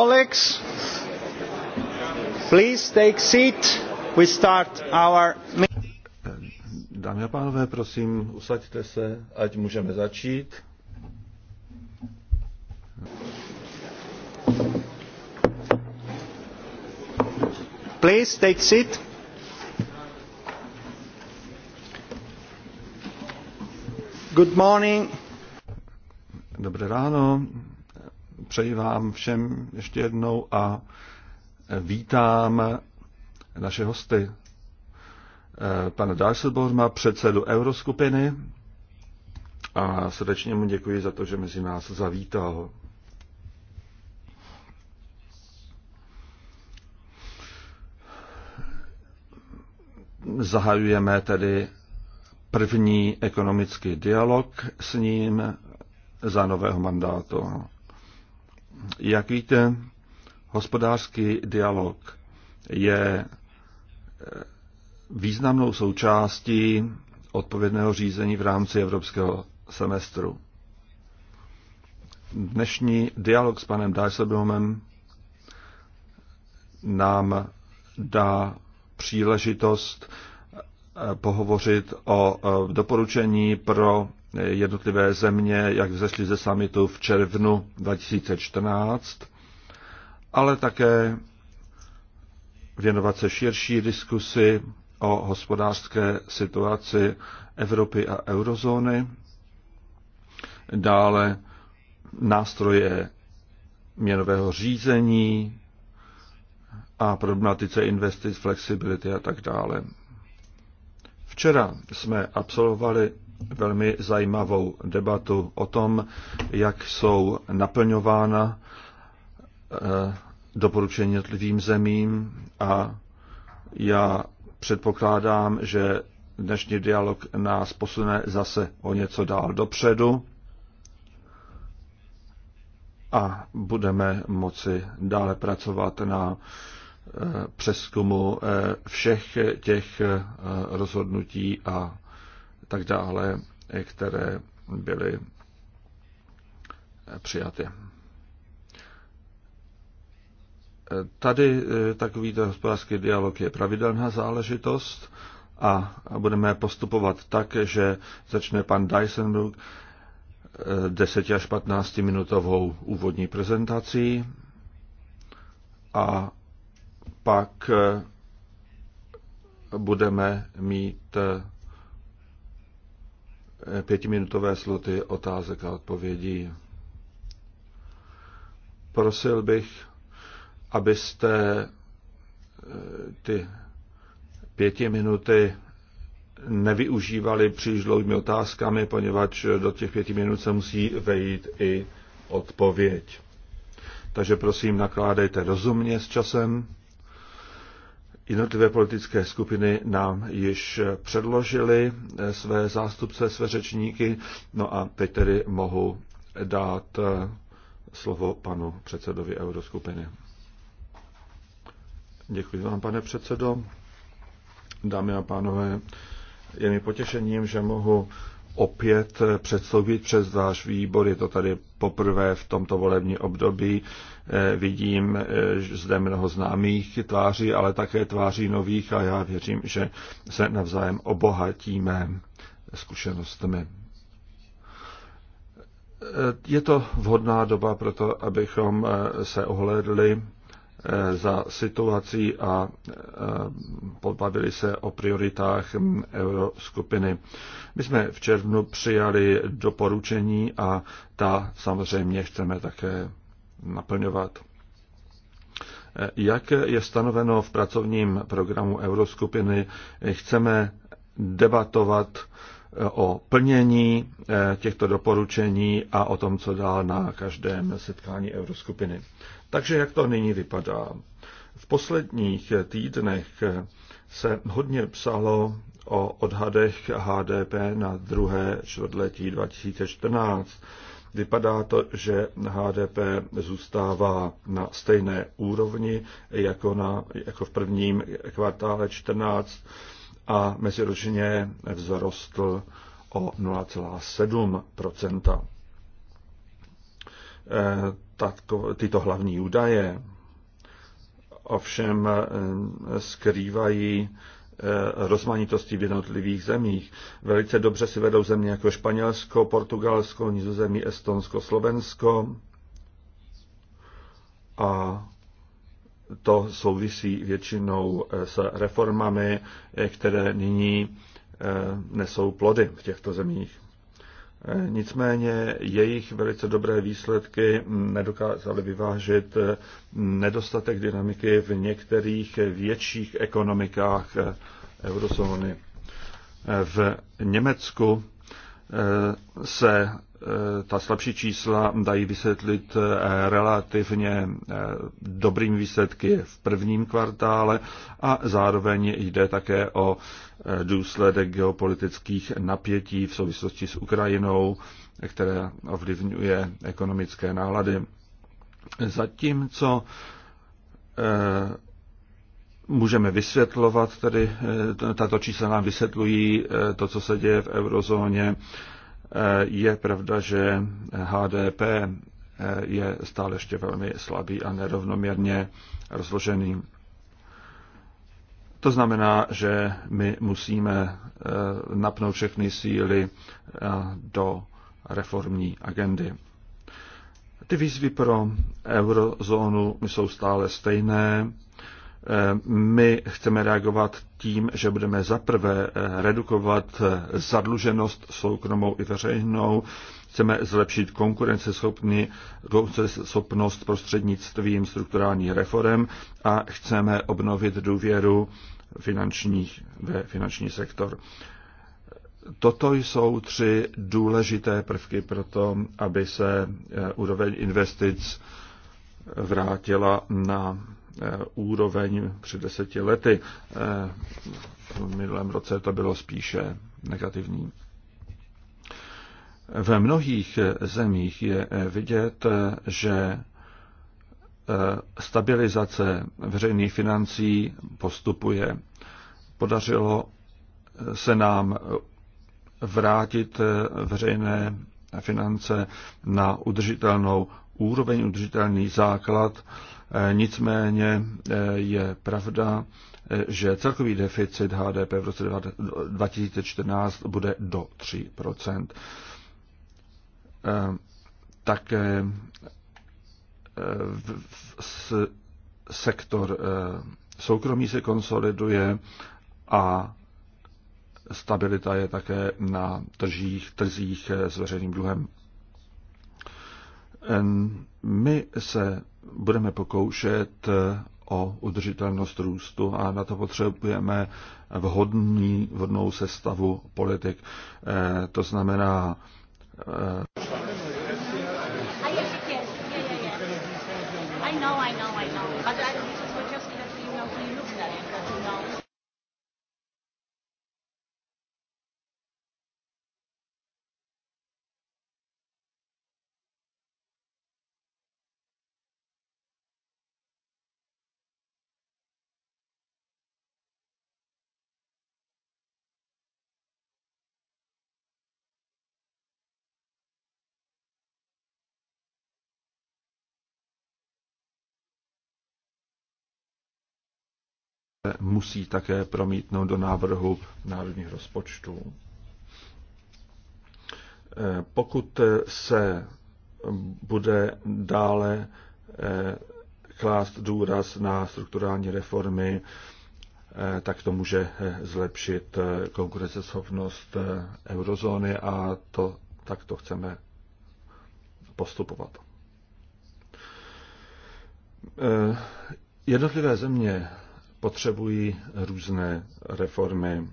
Colleagues, please take seat. We start our meeting. Dámy a pánové, prosím, usaďte se, ať můžeme začít. Please take seat. Good morning. Dobré ráno. Přeji vám všem ještě jednou a vítám naše hosty. Pana má předsedu Euroskupiny a srdečně mu děkuji za to, že mezi nás zavítal. Zahajujeme tedy první ekonomický dialog s ním za nového mandátu. Jak víte, hospodářský dialog je eh, významnou součástí odpovědného řízení v rámci evropského semestru. Dnešní dialog s panem Dijsselblomem nám dá příležitost eh, pohovořit o eh, doporučení pro jednotlivé země, jak vzešly ze samitu v červnu 2014, ale také věnovat se širší diskusi o hospodářské situaci Evropy a eurozóny, dále nástroje měnového řízení a problematice investic, flexibility a tak dále. Včera jsme absolvovali velmi zajímavou debatu o tom, jak jsou naplňována eh, doporučení jednotlivým zemím a já předpokládám, že dnešní dialog nás posune zase o něco dál dopředu a budeme moci dále pracovat na eh, přeskumu eh, všech těch rozhodnutí a tak dále, které byly přijaty. Tady eh, takový hospodářský dialog je pravidelná záležitost a budeme postupovat tak, že začne pan Dyson 10 eh, až 15 minutovou úvodní prezentací a pak eh, budeme mít pětiminutové sloty otázek a odpovědí. Prosil bych, abyste eh, ty pěti minuty nevyužívali příliš dlouhými otázkami, poněvadž do těch pěti minut se musí vejít i odpověď. Takže prosím, nakládejte rozumně s časem. Jednotlivé politické skupiny nám již předložili eh, své zástupce, své řečníky, no a teď tedy mohu dát eh, slovo panu předsedovi Euroskupiny. Děkuji vám, pane předsedo. Dámy a pánové, je mi potěšením, že mohu opět předstoupit přes váš výbor. Je to tady poprvé v tomto volební období. Eh, vidím eh, zde mnoho známých tváří, ale také tváří nových a já věřím, že se navzájem obohatíme zkušenostmi. Eh, je to vhodná doba pro to, abychom se ohlédli Eh, za situací a eh, podbavili se o prioritách euroskupiny. My jsme v červnu přijali doporučení a ta samozřejmě chceme také naplňovat. Eh, jak je stanoveno v pracovním programu euroskupiny, chceme debatovat o plnění těchto doporučení a o tom, co dál na každém setkání Euroskupiny. Takže jak to nyní vypadá? V posledních týdnech se hodně psalo o odhadech HDP na druhé čtvrtletí 2014. Vypadá to, že HDP zůstává na stejné úrovni jako, na, jako v prvním kvartále 14 a meziročně vzrostl o 0,7 tato, tyto hlavní údaje ovšem eh, skrývají eh, rozmanitosti v jednotlivých zemích. Velice dobře si vedou země jako Španělsko, Portugalsko, Nizozemí, Estonsko, Slovensko. A to souvisí většinou eh, s reformami, které nyní nesou plody v těchto zemích. Nicméně jejich velice dobré výsledky nedokázaly vyvážit nedostatek dynamiky v některých větších ekonomikách eurozóny. V Německu eh, se Eh, ta slabší čísla dají vysvětlit eh, relativně eh, dobrým výsledky v prvním kvartále a zároveň jde také o důsledek geopolitických napětí v souvislosti s Ukrajinou, které ovlivňuje ekonomické nálady. Zatímco můžeme vysvětlovat, tedy tato čísla nám vysvětlují to, co se děje v eurozóně, Eh, je pravda, že HDP eh, je stále ještě velmi slabý a nerovnoměrně rozložený. To znamená, že my musíme eh, napnout všechny síly do reformní agendy. Ty výzvy pro eurozónu jsou stále stejné my chceme reagovat tím, že budeme zaprvé eh, redukovat eh, zadluženost soukromou i veřejnou, chceme zlepšit konkurenceschopnost prostřednictvím strukturálních reform a chceme obnovit důvěru finančních, ve finanční sektor. Toto jsou tři důležité prvky pro to, aby se eh, úroveň investic vrátila na Eh, úroveň před deseti lety. Eh, v minulém roce to bylo spíše negativní. Ve mnohých zemích je eh, vidět, že stabilizace veřejných financí postupuje. Podařilo se nám vrátit veřejné finance na udržitelnou úroveň, udržitelný základ E, nicméně e, je pravda, e, že celkový deficit HDP v roce 2014 bude do 3 Také sektor soukromí se konsoliduje a stabilita je také na tržích, trzích s veřejným dluhem. My se budeme pokoušet o udržitelnost růstu a na to potřebujeme vhodný, vhodnou sestavu politik. Eh, to znamená eh, musí také promítnout do návrhu národních rozpočtů. Eh, pokud se bude dále eh, klást důraz na strukturální reformy, eh, tak to může zlepšit konkurenceschopnost eurozóny a to, tak to chceme postupovat. Jednotlivé země potřebují různé reformy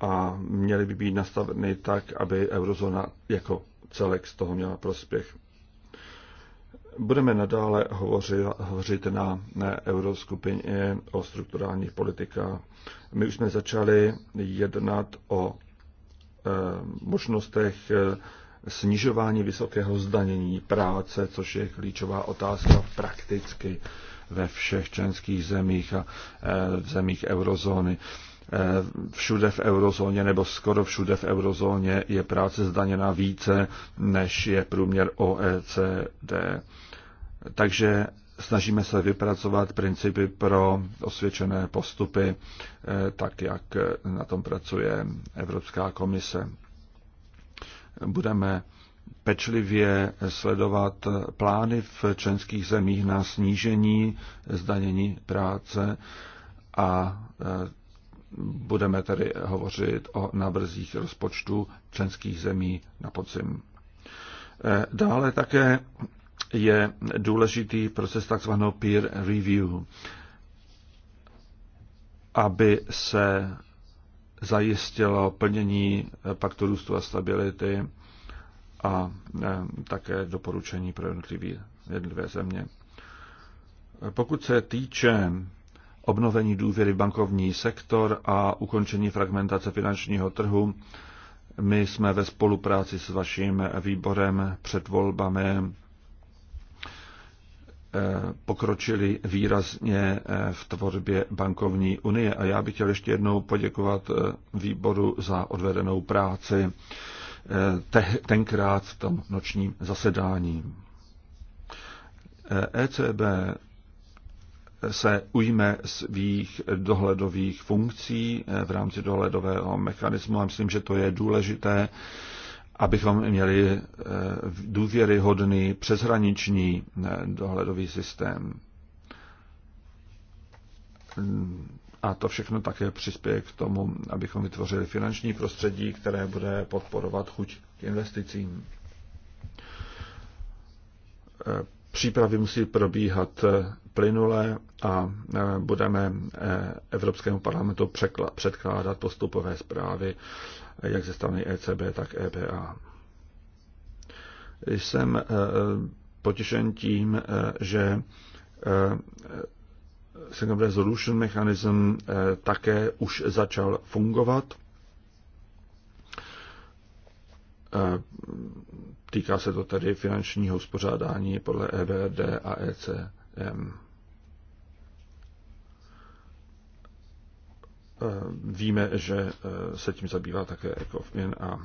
a měly by být nastaveny tak, aby eurozóna jako celek z toho měla prospěch. Budeme nadále hovořit, hovořit na euroskupině o strukturálních politikách. My už jsme začali jednat o e, možnostech e, snižování vysokého zdanění práce, což je klíčová otázka prakticky ve všech členských zemích a e, v zemích eurozóny. E, všude v eurozóně nebo skoro všude v eurozóně je práce zdaněna více, než je průměr OECD. Takže snažíme se vypracovat principy pro osvědčené postupy, e, tak jak na tom pracuje Evropská komise. Budeme pečlivě sledovat plány v členských zemích na snížení zdanění práce a e, budeme tedy hovořit o návrzích rozpočtu členských zemí na podzim. E, dále také je důležitý proces tzv. peer review, aby se zajistilo plnění paktu růstu a stability a e, také doporučení pro jednotlivé země. Pokud se týče obnovení důvěry v bankovní sektor a ukončení fragmentace finančního trhu, my jsme ve spolupráci s vaším výborem před volbami e, pokročili výrazně e, v tvorbě bankovní unie. A já bych chtěl ještě jednou poděkovat výboru za odvedenou práci. Eh, tenkrát v tom nočním zasedání. ECB eh, e se ujme svých dohledových funkcí eh, v rámci dohledového mechanismu a myslím, že to je důležité, abychom měli důvěryhodný přeshraniční dohledový systém a to všechno také přispěje k tomu, abychom vytvořili finanční prostředí, které bude podporovat chuť k investicím. Eh, přípravy musí probíhat eh, plynule a eh, budeme Evropskému parlamentu předkládat postupové zprávy jak ze strany ECB, tak EBA. Jsem potěšen tím, že Single Resolution Mechanism eh, také už začal fungovat. Eh, týká se to tedy finančního uspořádání podle EBRD a ECM. Eh, víme, že se tím zabývá také ECOFIN a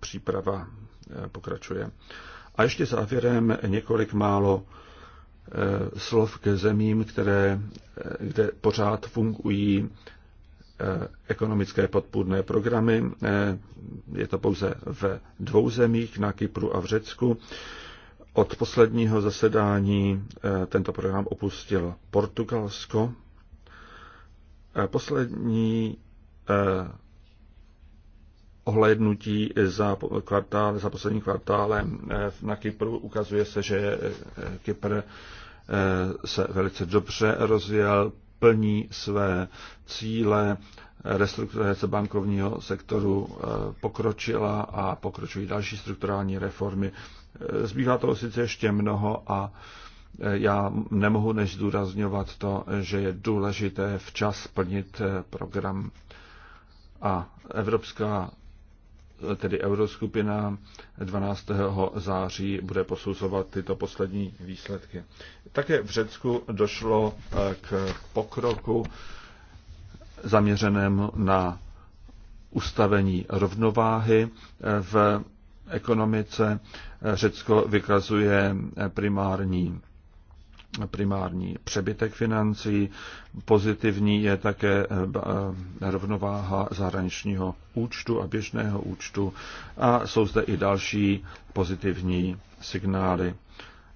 příprava pokračuje. A ještě závěrem několik málo Eh, slov ke zemím, které, eh, kde pořád fungují eh, ekonomické podpůrné programy. Je to pouze ve dvou zemích, na Kypru a v Řecku. Od posledního zasedání tento program opustil Portugalsko. Poslední ohlednutí za, kvartál, za poslední kvartálem eh, na Kypru ukazuje se, že eh, Kypr eh, se velice dobře rozvíjel, plní své cíle, restrukturalizace bankovního sektoru pokročila a pokročují další strukturální reformy. Zbývá toho sice ještě mnoho a já nemohu než zdůrazňovat to, že je důležité včas plnit program a Evropská tedy Euroskupina 12. září bude posuzovat tyto poslední výsledky. Také v Řecku došlo eh, k pokroku zaměřenému na ustavení rovnováhy eh, v ekonomice. Řecko vykazuje eh, primární primární přebytek financí. Pozitivní je také eh, eh, rovnováha zahraničního účtu a běžného účtu a jsou zde i další pozitivní signály.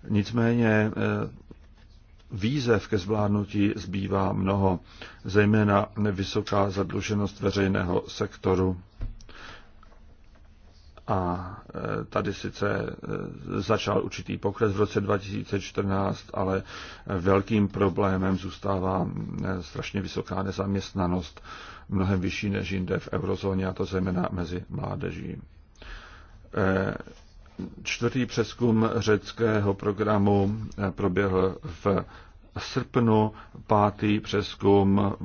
Nicméně eh, výzev ke zvládnutí zbývá mnoho, zejména vysoká zadluženost veřejného sektoru a e, tady sice e, začal určitý pokles v roce 2014, ale velkým problémem zůstává e, strašně vysoká nezaměstnanost, mnohem vyšší než jinde v eurozóně, a to zejména mezi mládeží. Čtvrtý přeskum řeckého programu proběhl v srpnu, pátý přeskum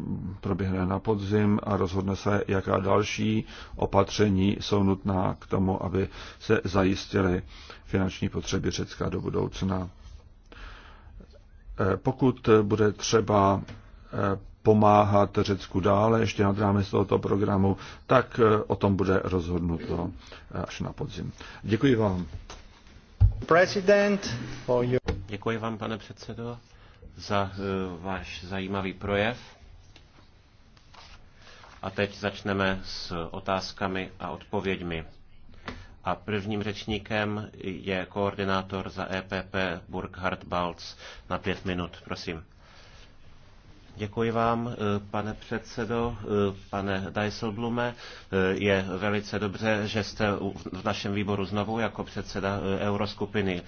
proběhne na podzim a rozhodne se, jaká další opatření jsou nutná k tomu, aby se zajistily finanční potřeby Řecka do budoucna. Eh, pokud bude třeba eh, pomáhat Řecku dále, ještě nad rámec tohoto programu, tak eh, o tom bude rozhodnuto až na podzim. Děkuji vám. President, Děkuji vám, pane předsedo za eh, váš zajímavý projev. A teď začneme s otázkami a odpověďmi. A prvním řečníkem je koordinátor za EPP Burkhard Balc na pět minut. Prosím. Děkuji vám, eh, pane předsedo, eh, pane Dijsselblume. Eh, je velice dobře, že jste v našem výboru znovu jako předseda euroskupiny.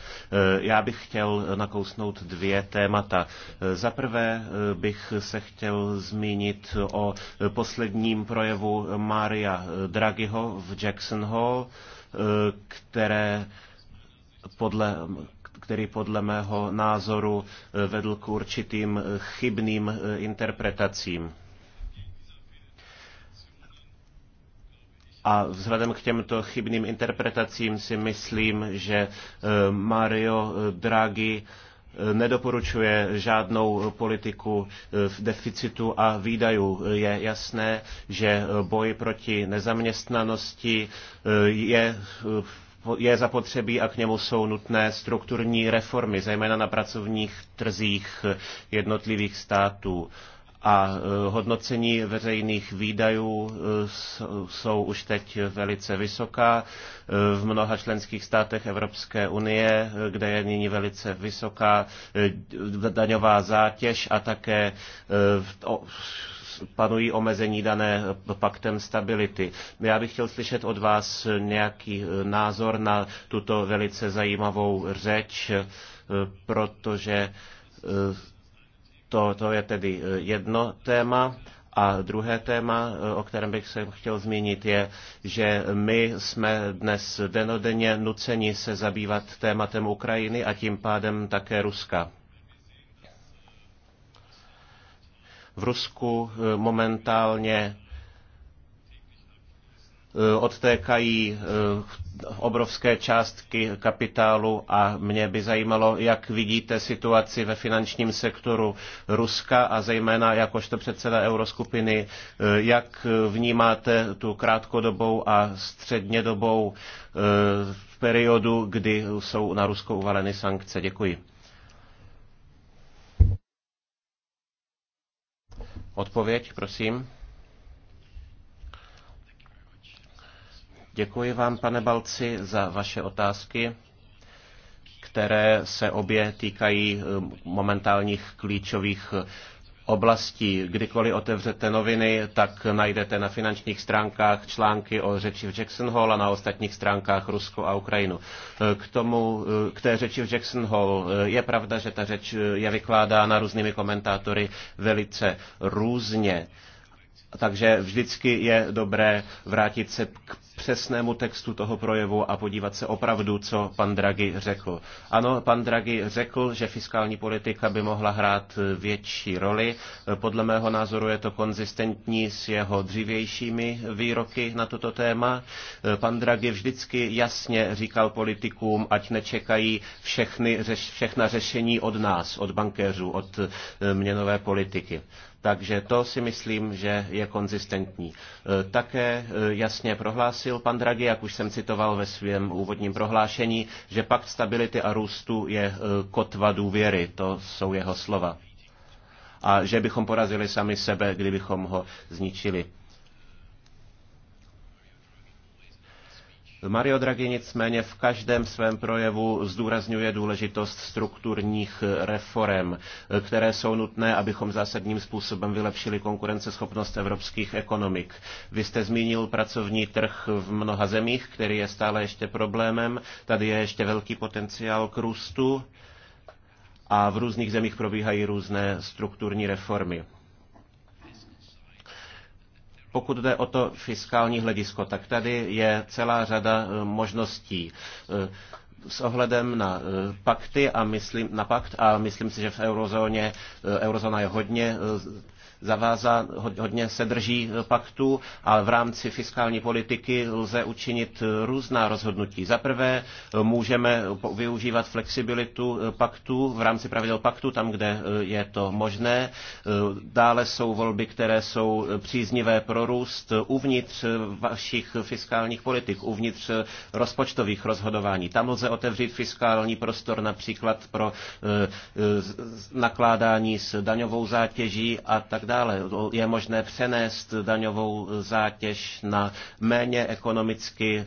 Já bych chtěl nakousnout dvě témata. Za prvé bych se chtěl zmínit o posledním projevu Mária Draghiho v Jackson Hall, které podle který podle mého názoru eh, vedl k určitým eh, chybným eh, interpretacím. A vzhledem k těmto chybným interpretacím si myslím, že Mario Draghi nedoporučuje žádnou politiku v deficitu a výdajů. Je jasné, že boj proti nezaměstnanosti je je zapotřebí a k němu jsou nutné strukturní reformy, zejména na pracovních trzích jednotlivých států a e, hodnocení veřejných výdajů e, jsou už teď velice vysoká. E, v mnoha členských státech Evropské unie, kde je nyní velice vysoká daňová zátěž a také panují omezení dané paktem stability. Já bych chtěl slyšet od vás nějaký eh, názor na tuto velice zajímavou řeč, eh, protože eh, to, to je tedy jedno téma. A druhé téma, o kterém bych se chtěl zmínit, je, že my jsme dnes denodenně nuceni se zabývat tématem Ukrajiny a tím pádem také Ruska. v Rusku eh, momentálně eh, odtékají eh, obrovské částky kapitálu a mě by zajímalo, jak vidíte situaci ve finančním sektoru Ruska a zejména jakožto předseda Euroskupiny, jak vnímáte tu krátkodobou a střednědobou periodu, kdy jsou na Rusko uvaleny sankce. Děkuji. Odpověď, prosím. Děkuji vám, pane Balci, za vaše otázky, které se obě týkají eh, momentálních klíčových eh, oblastí. Kdykoliv otevřete noviny, tak najdete na finančních stránkách články o řeči v Jackson Hall a na ostatních stránkách Rusko a Ukrajinu. K tomu, k té řeči v Jackson Hall, je pravda, že ta řeč je vykládána různými komentátory velice různě. Takže vždycky je dobré vrátit se k přesnému textu toho projevu a podívat se opravdu, co pan Draghi řekl. Ano, pan Draghi řekl, že fiskální politika by mohla hrát větší roli. Podle mého názoru je to konzistentní s jeho dřívějšími výroky na toto téma. Pan Draghi vždycky jasně říkal politikům, ať nečekají všechny, všechna řešení od nás, od bankéřů, od eh, měnové politiky. Takže to si myslím, že je konzistentní. E, také e, jasně prohlásil pan Draghi, jak už jsem citoval ve svém úvodním prohlášení, že pakt stability a růstu je e, kotva důvěry. To jsou jeho slova. A že bychom porazili sami sebe, kdybychom ho zničili. Mario Draghi nicméně v každém svém projevu zdůrazňuje důležitost strukturních reform, které jsou nutné, abychom zásadním způsobem vylepšili konkurenceschopnost evropských ekonomik. Vy jste zmínil pracovní trh v mnoha zemích, který je stále ještě problémem. Tady je ještě velký potenciál k růstu a v různých zemích probíhají různé strukturní reformy. Pokud jde o to fiskální hledisko, tak tady je celá řada e, možností e, s ohledem na e, pakty a myslím, na pakt a myslím si, že v eurozóně, eurozóna je hodně zavázá, hodně se drží paktu a v rámci fiskální politiky lze učinit různá rozhodnutí. Za prvé můžeme využívat flexibilitu paktu v rámci pravidel paktu tam, kde eh, je to možné. Eh, dále jsou volby, které jsou příznivé pro růst uvnitř eh, vašich fiskálních politik, uvnitř rozpočtových rozhodování. Tam lze otevřít fiskální prostor například pro nakládání s daňovou zátěží a tak dále. Je možné přenést daňovou eh, zátěž na méně ekonomicky eh,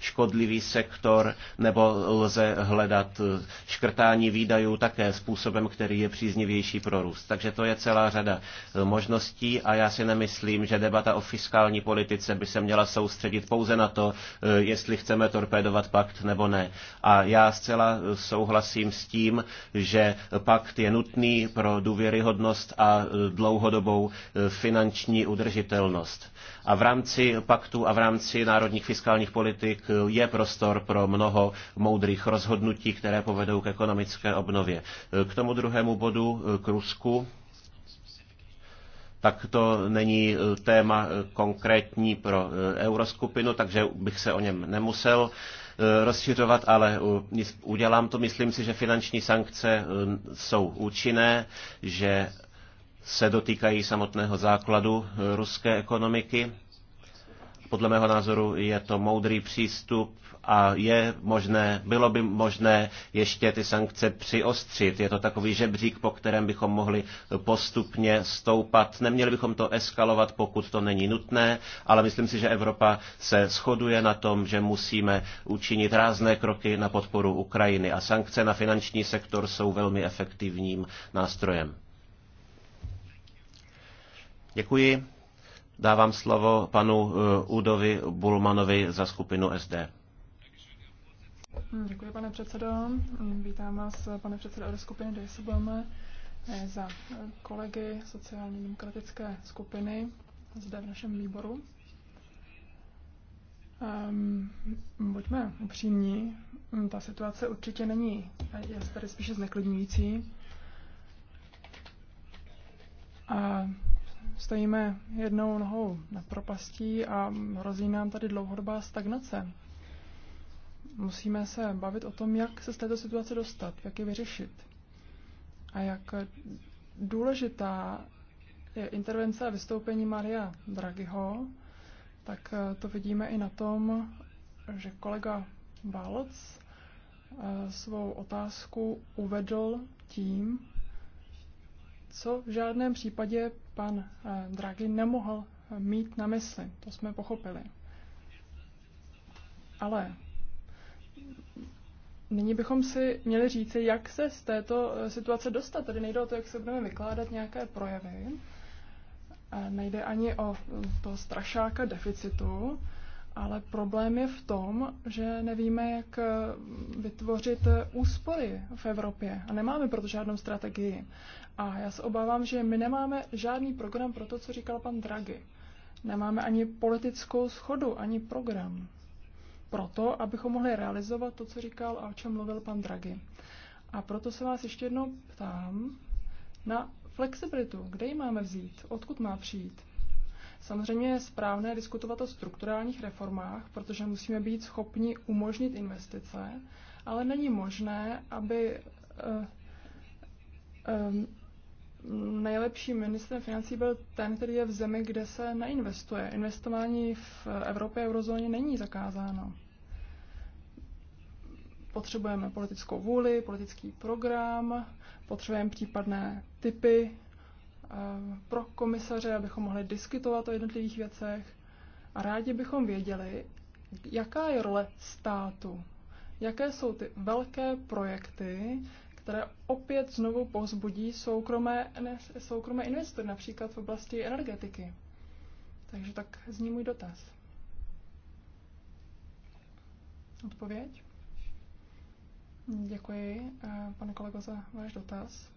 škodlivý sektor, nebo lze hledat eh, škrtání výdajů také způsobem, který je příznivější pro růst. Takže to je celá řada možností a já si nemyslím, že debata o fiskální politice by se měla soustředit pouze na to, jestli chceme torpédovat pakt nebo ne. A já zcela souhlasím s tím, že pakt je nutný pro důvěryhodnost a dlouhodobou eh, finanční udržitelnost. A v rámci paktu a v rámci národních fiskálních politik eh, je prostor pro mnoho moudrých rozhodnutí, které povedou k ekonomické obnově. Eh, k tomu druhému bodu, k Rusku, tak to není téma konkrétní pro euroskupinu, takže bych se o něm nemusel rozšiřovat, ale udělám to. Myslím si, že finanční sankce jsou účinné, že se dotýkají samotného základu eh, ruské ekonomiky. Podle mého názoru je to moudrý přístup a je možné, bylo by možné ještě ty sankce přiostřit. Je to takový žebřík, po kterém bychom mohli postupně stoupat. Neměli bychom to eskalovat, pokud to není nutné, ale myslím si, že Evropa se shoduje na tom, že musíme učinit rázné kroky na podporu Ukrajiny a sankce na finanční sektor jsou velmi efektivním nástrojem. Děkuji. Dávám slovo panu uh, Udovi Bulmanovi za skupinu SD. Děkuji, pane předsedo. Vítám vás, pane předsedo skupiny DSBM, za kolegy sociálně demokratické skupiny zde v našem výboru. Um, buďme upřímní, ta situace určitě není, je tady spíše zneklidňující. A stojíme jednou nohou na propastí a hrozí nám tady dlouhodobá stagnace. Musíme se bavit o tom, jak se z této situace dostat, jak ji vyřešit a jak důležitá je intervence a vystoupení Maria Draghiho, tak eh, to vidíme i na tom, že kolega Balc eh, svou otázku uvedl tím, co v žádném případě pan eh, Draghi nemohl eh, mít na mysli. To jsme pochopili. Ale nyní bychom si měli říci, jak se z této eh, situace dostat. Tady nejde o to, jak se budeme vykládat nějaké projevy. Nejde ani o to strašáka deficitu, ale problém je v tom, že nevíme, jak vytvořit úspory v Evropě a nemáme proto žádnou strategii. A já se obávám, že my nemáme žádný program pro to, co říkal pan Draghi. Nemáme ani politickou schodu, ani program Pro to, abychom mohli realizovat to, co říkal a o čem mluvil pan Draghi. A proto se vás ještě jednou ptám na flexibilitu. Kde ji máme vzít? Odkud má přijít? Samozřejmě je správné diskutovat o strukturálních reformách, protože musíme být schopni umožnit investice, ale není možné, aby eh, eh, mm, nejlepší ministrem financí byl ten, který je v zemi, kde se neinvestuje. Investování v Evropě a eurozóně není zakázáno. Potřebujeme politickou vůli, politický program, potřebujeme případné typy Eh, pro komisaře, abychom mohli diskutovat o jednotlivých věcech. A rádi bychom věděli, jaká je role státu, jaké jsou ty velké projekty, které opět znovu pozbudí soukromé, soukromé investory, například v oblasti energetiky. Takže tak zní můj dotaz. Odpověď? Děkuji, eh, pane kolego, za váš dotaz.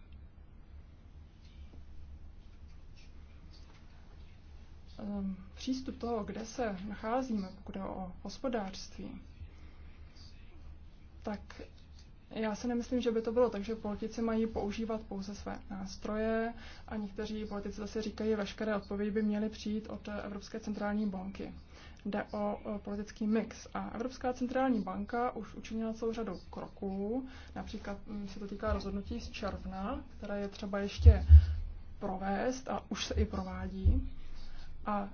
Ehm, přístup toho, kde se nacházíme, pokud je o hospodářství, tak já si nemyslím, že by to bylo tak, že politici mají používat pouze své nástroje a někteří politici zase říkají, že veškeré odpovědi by měly přijít od Evropské centrální banky. Jde o politický mix a Evropská centrální banka už učinila celou řadu kroků, například hm, se to týká rozhodnutí z června, které je třeba ještě provést a už se i provádí. A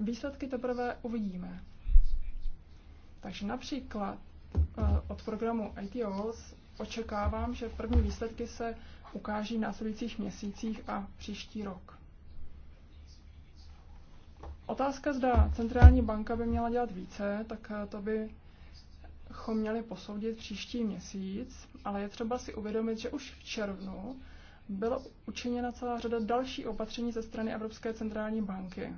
výsledky teprve uvidíme. Takže například eh, od programu ITOs očekávám, že první výsledky se ukáží v následujících měsících a příští rok. Otázka, zda centrální banka by měla dělat více, tak eh, to bychom měli posoudit příští měsíc, ale je třeba si uvědomit, že už v červnu byla učiněna celá řada další opatření ze strany Evropské centrální banky.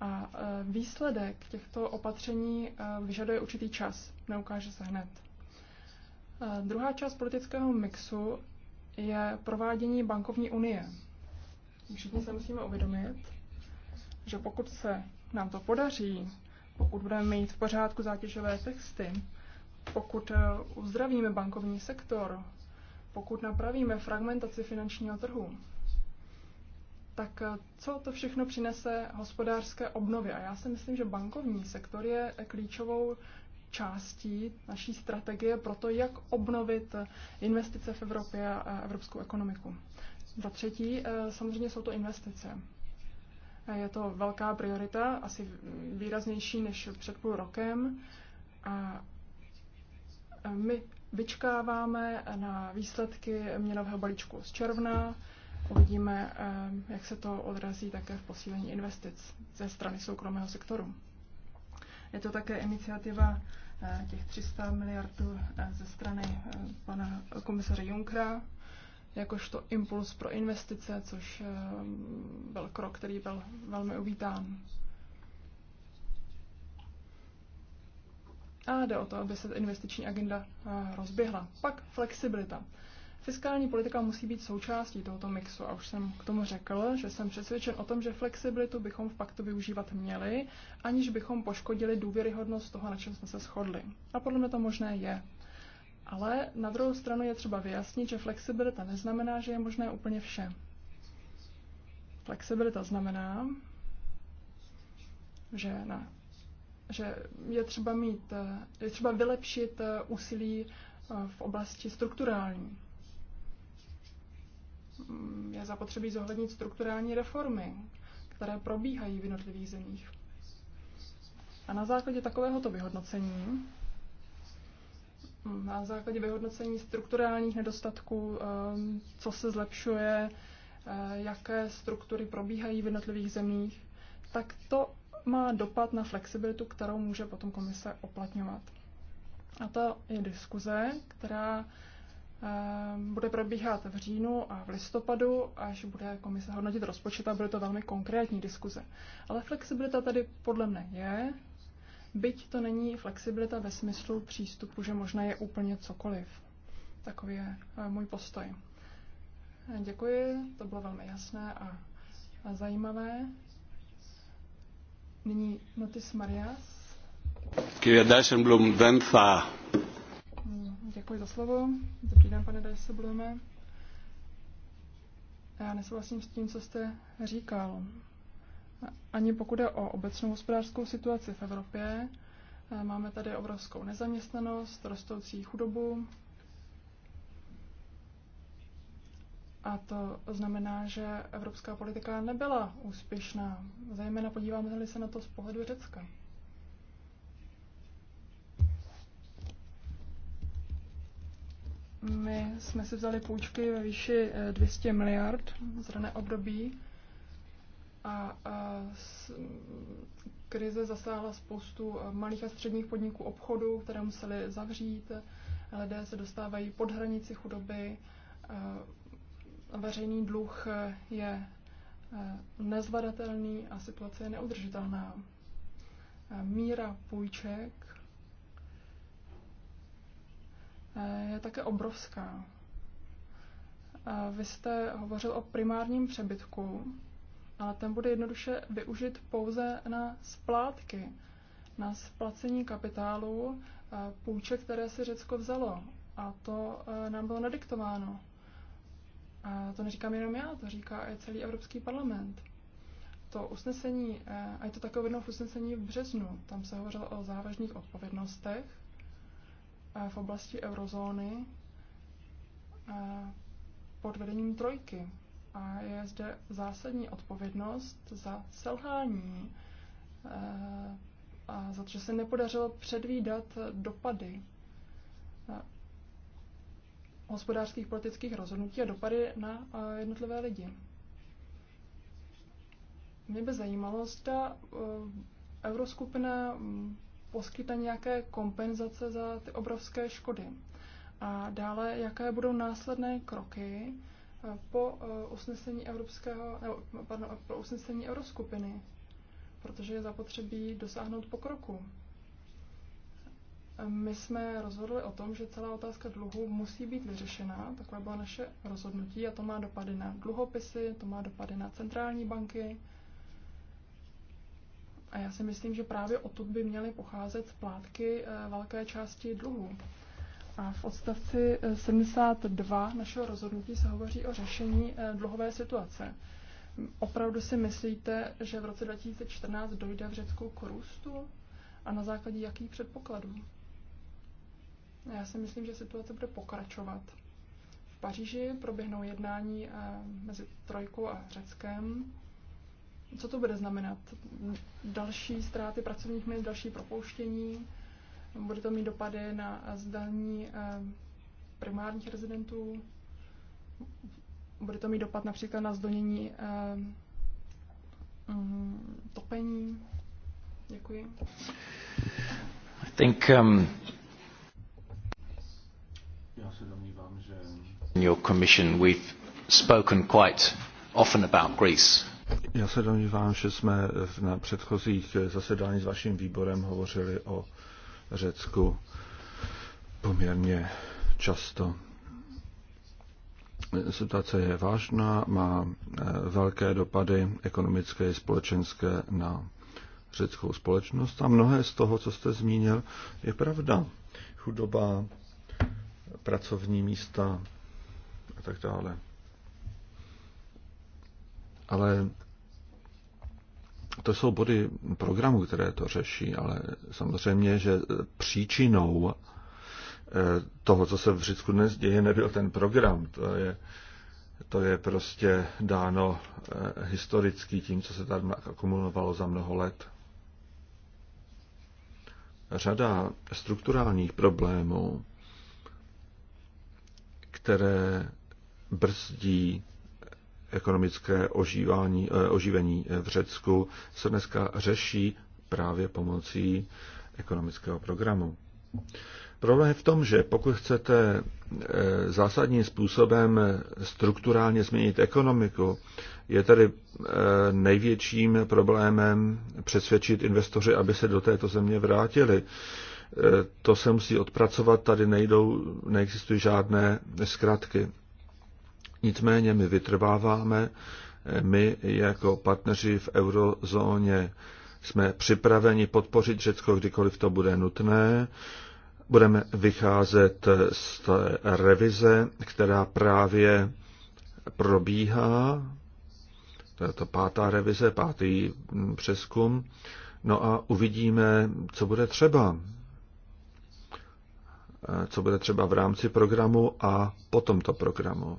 A e, výsledek těchto opatření e, vyžaduje určitý čas, neukáže se hned. E, druhá část politického mixu je provádění bankovní unie. Všichni se musíme uvědomit, že pokud se nám to podaří, pokud budeme mít v pořádku zátěžové texty, pokud uzdravíme bankovní sektor, pokud napravíme fragmentaci finančního trhu, tak eh, co to všechno přinese hospodářské obnově? A já si myslím, že bankovní sektor je klíčovou částí naší strategie pro to, jak obnovit eh, investice v Evropě a eh, evropskou ekonomiku. Za třetí, samozřejmě jsou to investice. Je to velká priorita, asi výraznější než před půl rokem. A my Vyčkáváme na výsledky měnového balíčku z června. Uvidíme, eh, jak se to odrazí také v posílení investic ze strany soukromého sektoru. Je to také iniciativa eh, těch 300 miliardů eh, ze strany pana komisaře Junkra, jakožto impuls pro investice, což byl krok, který byl velmi uvítán. a jde o to, aby se investiční agenda eh, rozběhla. Pak flexibilita. Fiskální politika musí být součástí tohoto mixu a už jsem k tomu řekl, že jsem přesvědčen o tom, že flexibilitu bychom v paktu využívat měli, aniž bychom poškodili důvěryhodnost toho, na čem jsme se shodli. A podle mě to možné je. Ale na druhou stranu je třeba vyjasnit, že flexibilita neznamená, že je možné úplně vše. Flexibilita znamená, že na že je třeba mít, je třeba vylepšit eh, úsilí eh, v oblasti strukturální. Mm, je zapotřebí zohlednit strukturální reformy, které probíhají v jednotlivých zemích. A na základě takovéhoto vyhodnocení, mm, na základě vyhodnocení strukturálních nedostatků, ehm, co se zlepšuje, eh, jaké struktury probíhají v jednotlivých zemích, tak to má dopad na flexibilitu, kterou může potom komise oplatňovat. A to je diskuze, která eh, bude probíhat v říjnu a v listopadu, až bude komise hodnotit rozpočet a bude to velmi konkrétní diskuze. Ale flexibilita tady podle mne je, byť to není flexibilita ve smyslu přístupu, že možná je úplně cokoliv. Takový je eh, můj postoj. Děkuji, to bylo velmi jasné a zajímavé. Nyní Notis Marias. Kyrie Dijsselbloem δεν Děkuji za slovo. Dobrý den, pane Blume. Já nesouhlasím s tím, co jste říkal. Ani pokud je o obecnou hospodářskou situaci v Evropě, eh, máme tady obrovskou nezaměstnanost, rostoucí chudobu, A to znamená, že evropská politika nebyla úspěšná, Zajména podíváme-li se na to z pohledu Řecka. My jsme si vzali půjčky ve výši 200 eh, miliard z rané období a, a s, krize zasáhla spoustu eh, malých a středních podniků obchodu, které museli zavřít. Lidé se dostávají pod hranici chudoby, eh, veřejný dluh je eh, nezvladatelný a situace je neudržitelná. Eh, míra půjček eh, je také obrovská. Vy jste hovořil o primárním přebytku, ale ten bude jednoduše využit pouze na splátky, na splacení kapitálu půjček, které si Řecko vzalo. A to nám bylo nadiktováno. A to neříkám jenom já, to říká i celý Evropský parlament. To usnesení, eh, a je to takové jedno usnesení v březnu, tam se hovořilo o závažných odpovědnostech eh, v oblasti eurozóny eh, pod vedením trojky. A je zde zásadní odpovědnost za selhání a za to, že se nepodařilo předvídat dopady hospodářských politických rozhodnutí a dopady na eh, jednotlivé lidi. Mě by zajímalo, zda eh, euroskupina mm, poskytne nějaké kompenzace za ty obrovské škody. A dále, jaké budou následné kroky eh, po usnesení, evropského, nebo, pardon, po usnesení euroskupiny, protože je zapotřebí dosáhnout pokroku. My jsme rozhodli o tom, že celá otázka dluhu musí být vyřešena, takové bylo naše rozhodnutí a to má dopady na dluhopisy, to má dopady na centrální banky. A já si myslím, že právě odtud by měly pocházet splátky eh, velké části dluhu. A v odstavci 72 eh, našeho rozhodnutí se hovoří o řešení eh, dluhové situace. Opravdu si myslíte, že v roce 2014 dojde v Řecku k růstu? A na základě jakých předpokladů? Já si myslím, že situace bude pokračovat. V Paříži proběhnou jednání eh, mezi Trojkou a Řeckem. Co to bude znamenat? Další ztráty pracovních míst, další propouštění? Bude to mít dopady na zdaní eh, eh, primárních rezidentů? Bude to mít dopad například na zdonění mm, topení? Děkuji. I think, um... In your commission we've spoken quite often about Greece. Já se domnívám, že jsme na předchozích zasedání s vaším výborem hovořili o Řecku poměrně často. Situace je vážná, má eh, velké dopady ekonomické i společenské na řeckou společnost a mnohé z toho, co jste zmínil, je pravda. Chudoba, pracovní místa a tak dále. Ale to jsou body programu, které to řeší, ale samozřejmě, že příčinou eh, toho, co se v Řicku dnes děje, nebyl ten program. To je, to je prostě dáno eh, historicky tím, co se tam akumulovalo za mnoho let. Řada strukturálních problémů které brzdí ekonomické ožívání, eh, oživení eh, v Řecku, se dneska řeší právě pomocí ekonomického programu. Problém je v tom, že pokud chcete eh, zásadním způsobem strukturálně změnit ekonomiku, je tedy největším problémem přesvědčit investoři, aby se do této země vrátili to se musí odpracovat, tady nejdou, neexistují žádné zkratky. Nicméně my vytrváváme, my jako partneři v eurozóně jsme připraveni podpořit Řecko, kdykoliv to bude nutné. Budeme vycházet z té revize, která právě probíhá, to je to pátá revize, pátý mm, přeskum, no a uvidíme, co bude třeba. Eh, co bude třeba v rámci programu a po tomto programu.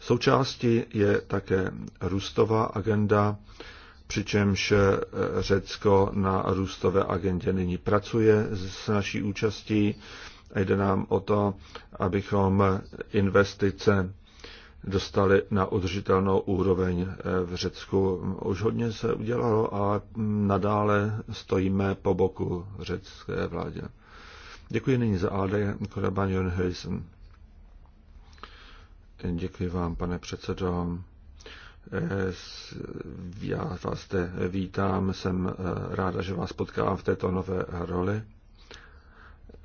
Součástí je také růstová agenda, přičemž eh, Řecko na růstové agendě nyní pracuje s naší účastí a jde nám o to, abychom investice dostali na udržitelnou úroveň eh, v Řecku. Už hodně se udělalo a mm, nadále stojíme po boku řecké vládě. Děkuji nyní za Alde Koraban Jonhuysen. Děkuji vám, pane předsedo. Eh, já vás zde vítám, jsem eh, ráda, že vás potkávám v této nové roli.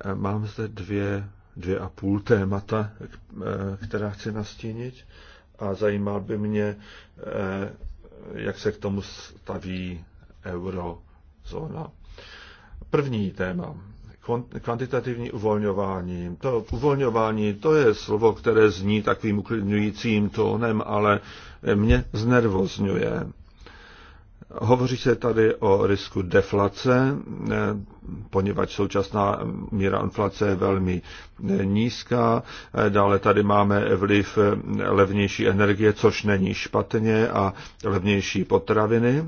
Eh, mám zde dvě, dvě a půl témata, která chci nastínit a zajímal by mě, jak se k tomu staví eurozóna. První téma kvantitativní uvolňování. To uvolňování, to je slovo, které zní takovým uklidňujícím tónem, ale mě znervozňuje. Hovoří se tady o risku deflace, poněvadž současná míra inflace je velmi nízká. Dále tady máme vliv levnější energie, což není špatně, a levnější potraviny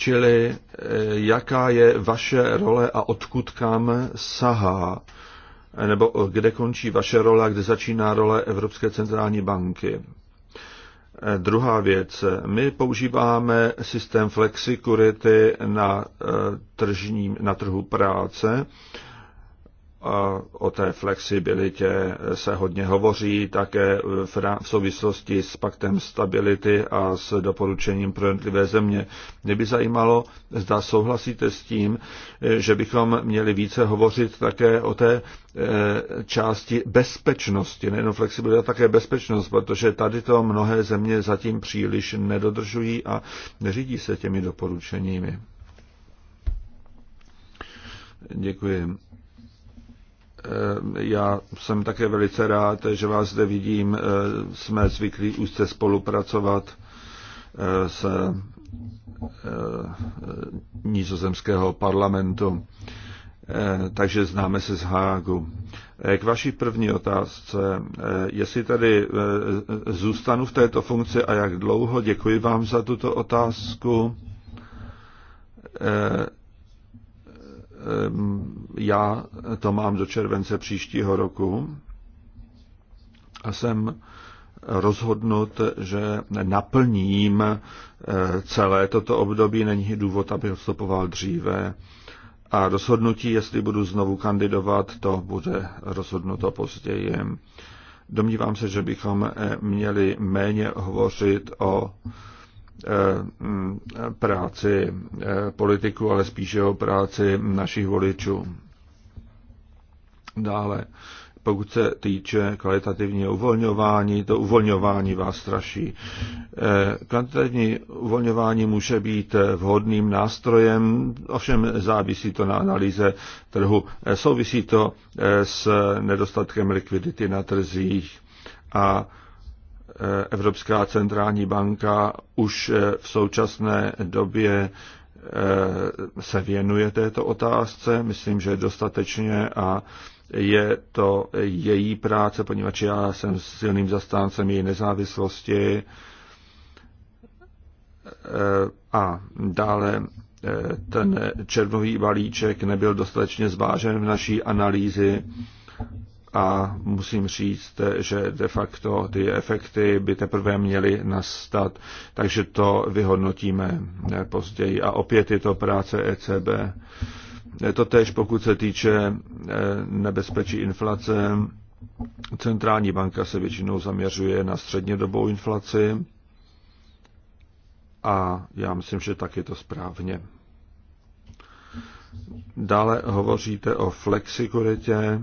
čili eh, jaká je vaše role a odkud kam sahá, nebo eh, kde končí vaše role a kde začíná role Evropské centrální banky. Eh, druhá věc. My používáme systém flexicurity na, tržním, na trhu práce a o té flexibilitě se hodně hovoří také v souvislosti s paktem stability a s doporučením pro jednotlivé země. Mě by zajímalo, zda souhlasíte s tím, že bychom měli více hovořit také o té e, části bezpečnosti, nejen flexibilita, také bezpečnost, protože tady to mnohé země zatím příliš nedodržují a neřídí se těmi doporučeními. Děkuji. Eh, já jsem také velice rád, že vás zde vidím. Eh, jsme zvyklí úzce spolupracovat eh, s nizozemského parlamentu, takže známe se z Hágu. K vaší první otázce, jestli tady zůstanu v této funkci a jak dlouho, děkuji vám za tuto otázku Ehm, já to mám do července příštího roku a jsem rozhodnut, že naplním eh, celé toto období. Není důvod, aby odstupoval dříve. A rozhodnutí, jestli budu znovu kandidovat, to bude rozhodnuto později. Domnívám se, že bychom eh, měli méně hovořit o Eh, práci eh, politiku, ale spíše o práci našich voličů. Dále, pokud se týče kvalitativního uvolňování, to uvolňování vás straší. Eh, Kvalitativní uvolňování může být vhodným nástrojem, ovšem závisí to na analýze trhu. Souvisí to s nedostatkem likvidity na trzích a Evropská centrální banka už eh, v současné době eh, se věnuje této otázce, myslím, že dostatečně a je to její práce, poněvadž já jsem silným zastáncem její nezávislosti eh, a dále ten červnový balíček nebyl dostatečně zvážen v naší analýzi a musím říct, že de facto ty efekty by teprve měly nastat, takže to vyhodnotíme později. A opět je to práce ECB. To tež, pokud se týče eh, nebezpečí inflace, centrální banka se většinou zaměřuje na střednědobou inflaci a já myslím, že tak je to správně. Dále hovoříte o flexikuritě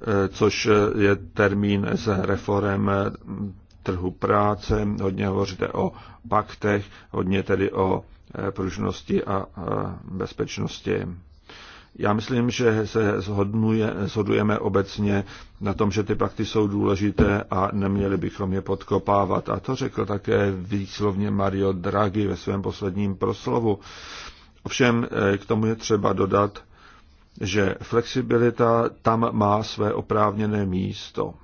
Eh, což eh, je termín s reform eh, trhu práce, hodně hovoříte o paktech, hodně tedy o pružnosti a bezpečnosti. Já myslím, že se shodnuje, shodujeme obecně na tom, že ty pakty jsou důležité a neměli bychom je podkopávat. A to řekl také výslovně Mario Draghi ve svém posledním proslovu. Ovšem k tomu je třeba dodat, že flexibilita tam má své oprávněné místo.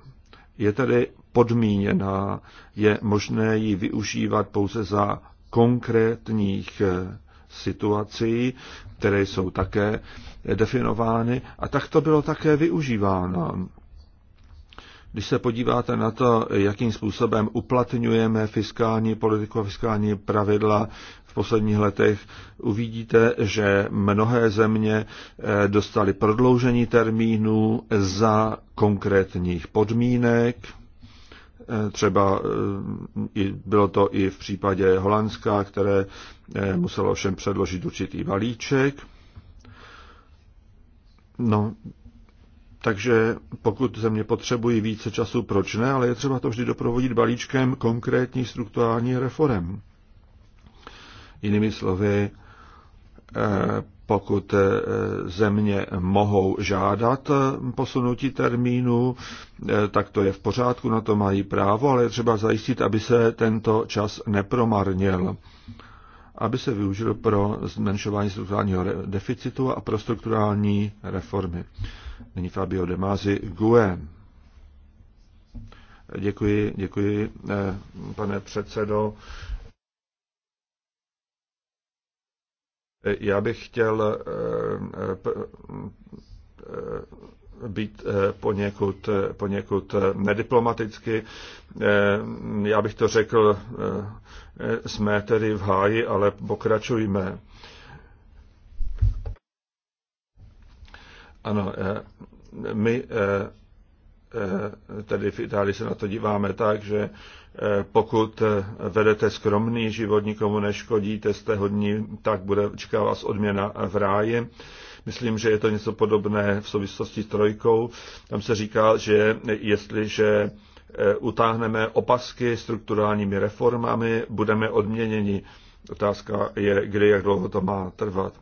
Je tedy podmíněná, je možné ji využívat pouze za konkrétních eh, situací, které jsou také definovány a tak to bylo také využíváno. Když se podíváte na to, jakým způsobem uplatňujeme fiskální politiku a fiskální pravidla posledních letech, uvidíte, že mnohé země eh, dostaly prodloužení termínu za konkrétních podmínek. Eh, třeba eh, bylo to i v případě Holandska, které muselo všem předložit určitý balíček. No, takže pokud země potřebují více času, proč ne, ale je třeba to vždy doprovodit balíčkem konkrétních strukturálních reform. Jinými slovy, eh, pokud eh, země mohou žádat eh, posunutí termínu, tak to je v pořádku, na to mají právo, ale je třeba zajistit, aby se tento čas nepromarnil, aby se využil pro zmenšování strukturálního deficitu a pro strukturální reformy. Není Fabio De Mazi GUE. Děkuji, děkuji, pane předsedo. Já bych chtěl eh, eh, být eh, poněkud, poněkud nediplomaticky. Já bych to řekl, jsme tedy v háji, ale pokračujme. Ano, my tedy v Itálii se na to díváme tak, že Eh, pokud eh, vedete skromný život, nikomu neškodíte, jste hodní, tak bude čeká vás odměna v ráji. Myslím, že je to něco podobné v souvislosti s trojkou. Tam se říká, že jestliže eh, utáhneme opasky strukturálními reformami, budeme odměněni. Otázka je, kdy, jak dlouho to má trvat.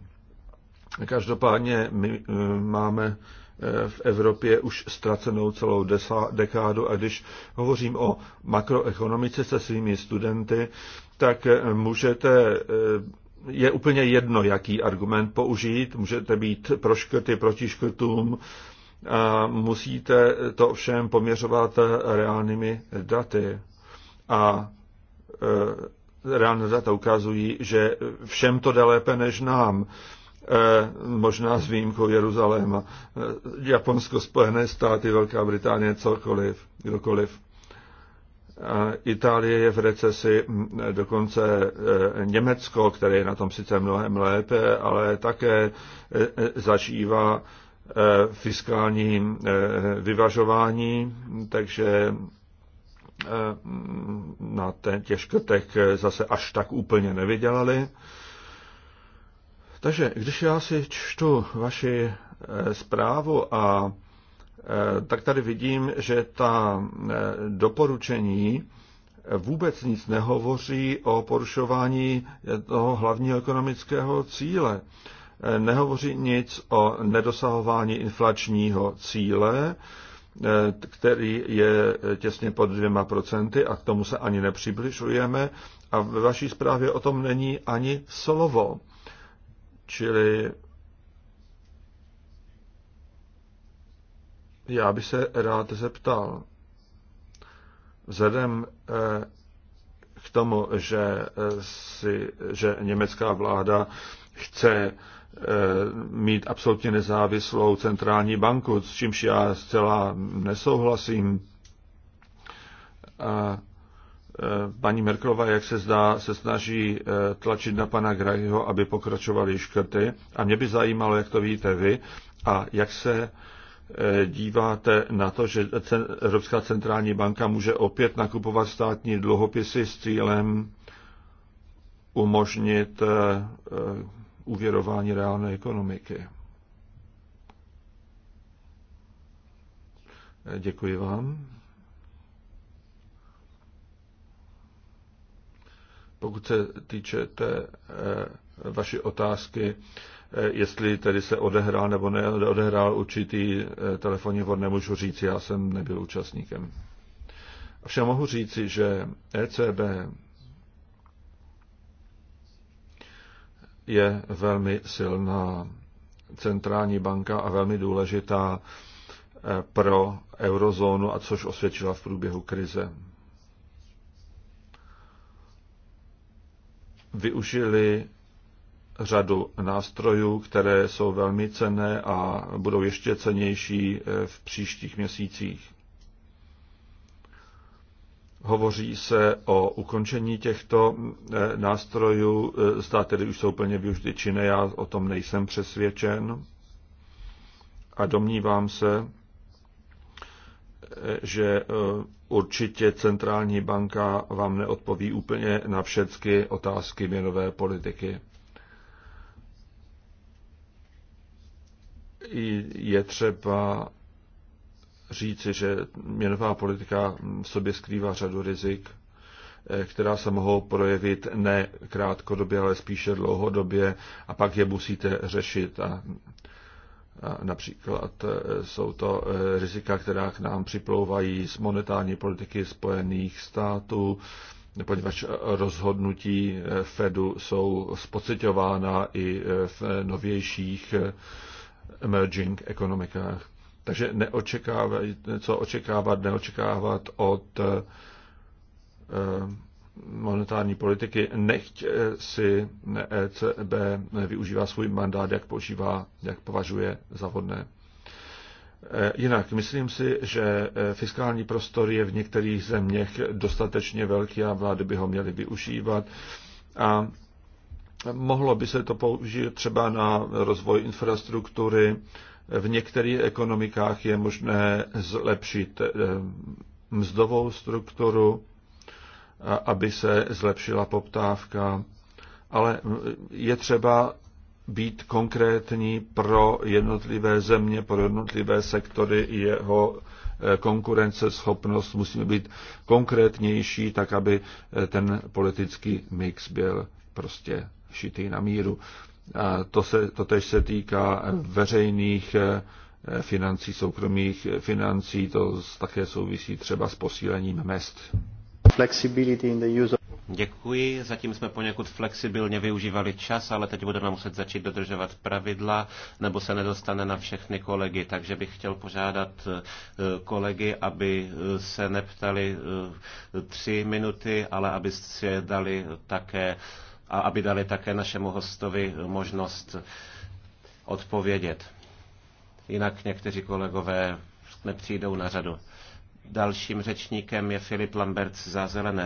Každopádně my máme Eh, v Evropě už ztracenou celou desa, dekádu a když hovořím o makroekonomice se svými studenty, tak eh, můžete eh, je úplně jedno, jaký argument použít, můžete být pro škrty, proti škrtům, a musíte to všem poměřovat reálnými daty. A reálné data ukazují, že všem to jde lépe než nám. Eh, možná s výjimkou Jeruzaléma, eh, Japonsko, Spojené státy, Velká Británie, cokoliv, kdokoliv. Eh, Itálie je v recesi, hm, dokonce Německo, které je na tom sice mnohem lépe, ale také zažívá fiskální vyvažování, takže hm, na těch škrtech zase až tak úplně nevydělali. Takže když já si čtu vaši eh, zprávu a eh, tak tady vidím, že ta eh, doporučení vůbec nic nehovoří o porušování toho hlavního ekonomického cíle. Nehovoří nic o nedosahování inflačního cíle, který je těsně pod dvěma procenty a k tomu se ani nepřibližujeme. A ve vaší zprávě o tom není ani slovo. Čili já bych se rád zeptal, vzhledem eh, k tomu, že, eh, si, že německá vláda chce eh, mít absolutně nezávislou centrální banku, s čímž já zcela nesouhlasím, Eh, paní Merklova, jak se zdá, se snaží eh, tlačit na pana Grahyho, aby pokračovaly škrty. A mě by zajímalo, jak to víte vy a jak se eh, díváte na to, že Evropská centrální banka může opět nakupovat státní dluhopisy s cílem umožnit uvěrování reálné ekonomiky. Děkuji vám. Pokud se týče té eh, vaší otázky, eh, jestli tedy se odehrál nebo neodehrál určitý eh, telefonní vod, nemůžu říct, já jsem nebyl účastníkem. Všem mohu říci, že ECB je velmi silná centrální banka a velmi důležitá pro eurozónu, a což osvědčila v průběhu krize. využili řadu nástrojů, které jsou velmi cenné a budou ještě cenější eh, v příštích měsících. Hovoří se o ukončení těchto eh, nástrojů, eh, zda tedy už jsou plně využity či ne, já o tom nejsem přesvědčen. A domnívám se, že e, určitě centrální banka vám neodpoví úplně na všechny otázky měnové politiky. Je třeba říci, že měnová politika v sobě skrývá řadu rizik, e, která se mohou projevit ne krátkodobě, ale spíše dlouhodobě a pak je musíte řešit. A Například e, jsou to e, rizika, která k nám připlouvají z monetární politiky Spojených států, poněvadž rozhodnutí e, Fedu jsou spocitována i v novějších emerging ekonomikách. Takže neočekávat, co očekávat, neočekávat od monetární politiky, nechť eh, si ECB e využívá svůj mandát, jak požívá, jak považuje za vhodné. Eh, jinak, myslím si, že eh, fiskální prostor je v některých zeměch dostatečně velký a vlády by ho měly využívat. A mohlo by se to použít třeba na rozvoj infrastruktury. V některých ekonomikách je možné zlepšit mzdovou strukturu aby se zlepšila poptávka. Ale je třeba být konkrétní pro jednotlivé země, pro jednotlivé sektory jeho eh, konkurenceschopnost. Musíme být konkrétnější, tak aby eh, ten politický mix byl prostě šitý na míru. A to se, to tež se týká veřejných eh, financí, soukromých financí, to také souvisí třeba s posílením mest. Děkuji, zatím jsme poněkud flexibilně využívali čas, ale teď budeme muset začít dodržovat pravidla, nebo se nedostane na všechny kolegy. Takže bych chtěl požádat eh, kolegy, aby eh, se neptali eh, tři minuty, ale aby si dali také a aby dali také našemu hostovi možnost odpovědět. Jinak někteří kolegové nepřijdou na řadu. Dalším řečníkem je Filip Lambert za zelené.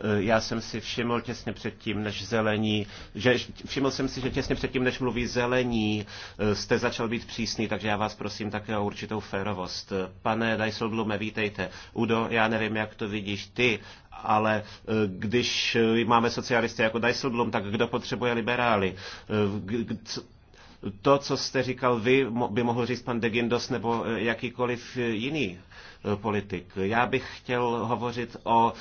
E, já jsem si všiml těsně předtím, než zelení, že všiml jsem si, že těsně předtím, než mluví zelení, e, jste začal být přísný, takže já vás prosím také o určitou férovost. E, pane Dijsselblume, vítejte. Udo, já nevím, jak to vidíš ty, ale když máme socialisty jako Dijsselblum, tak kdo potřebuje liberály? to, co jste říkal vy, by mohl říct pan de nebo eh, jakýkoliv eh, jiný eh, politik. Já bych chtěl hovořit o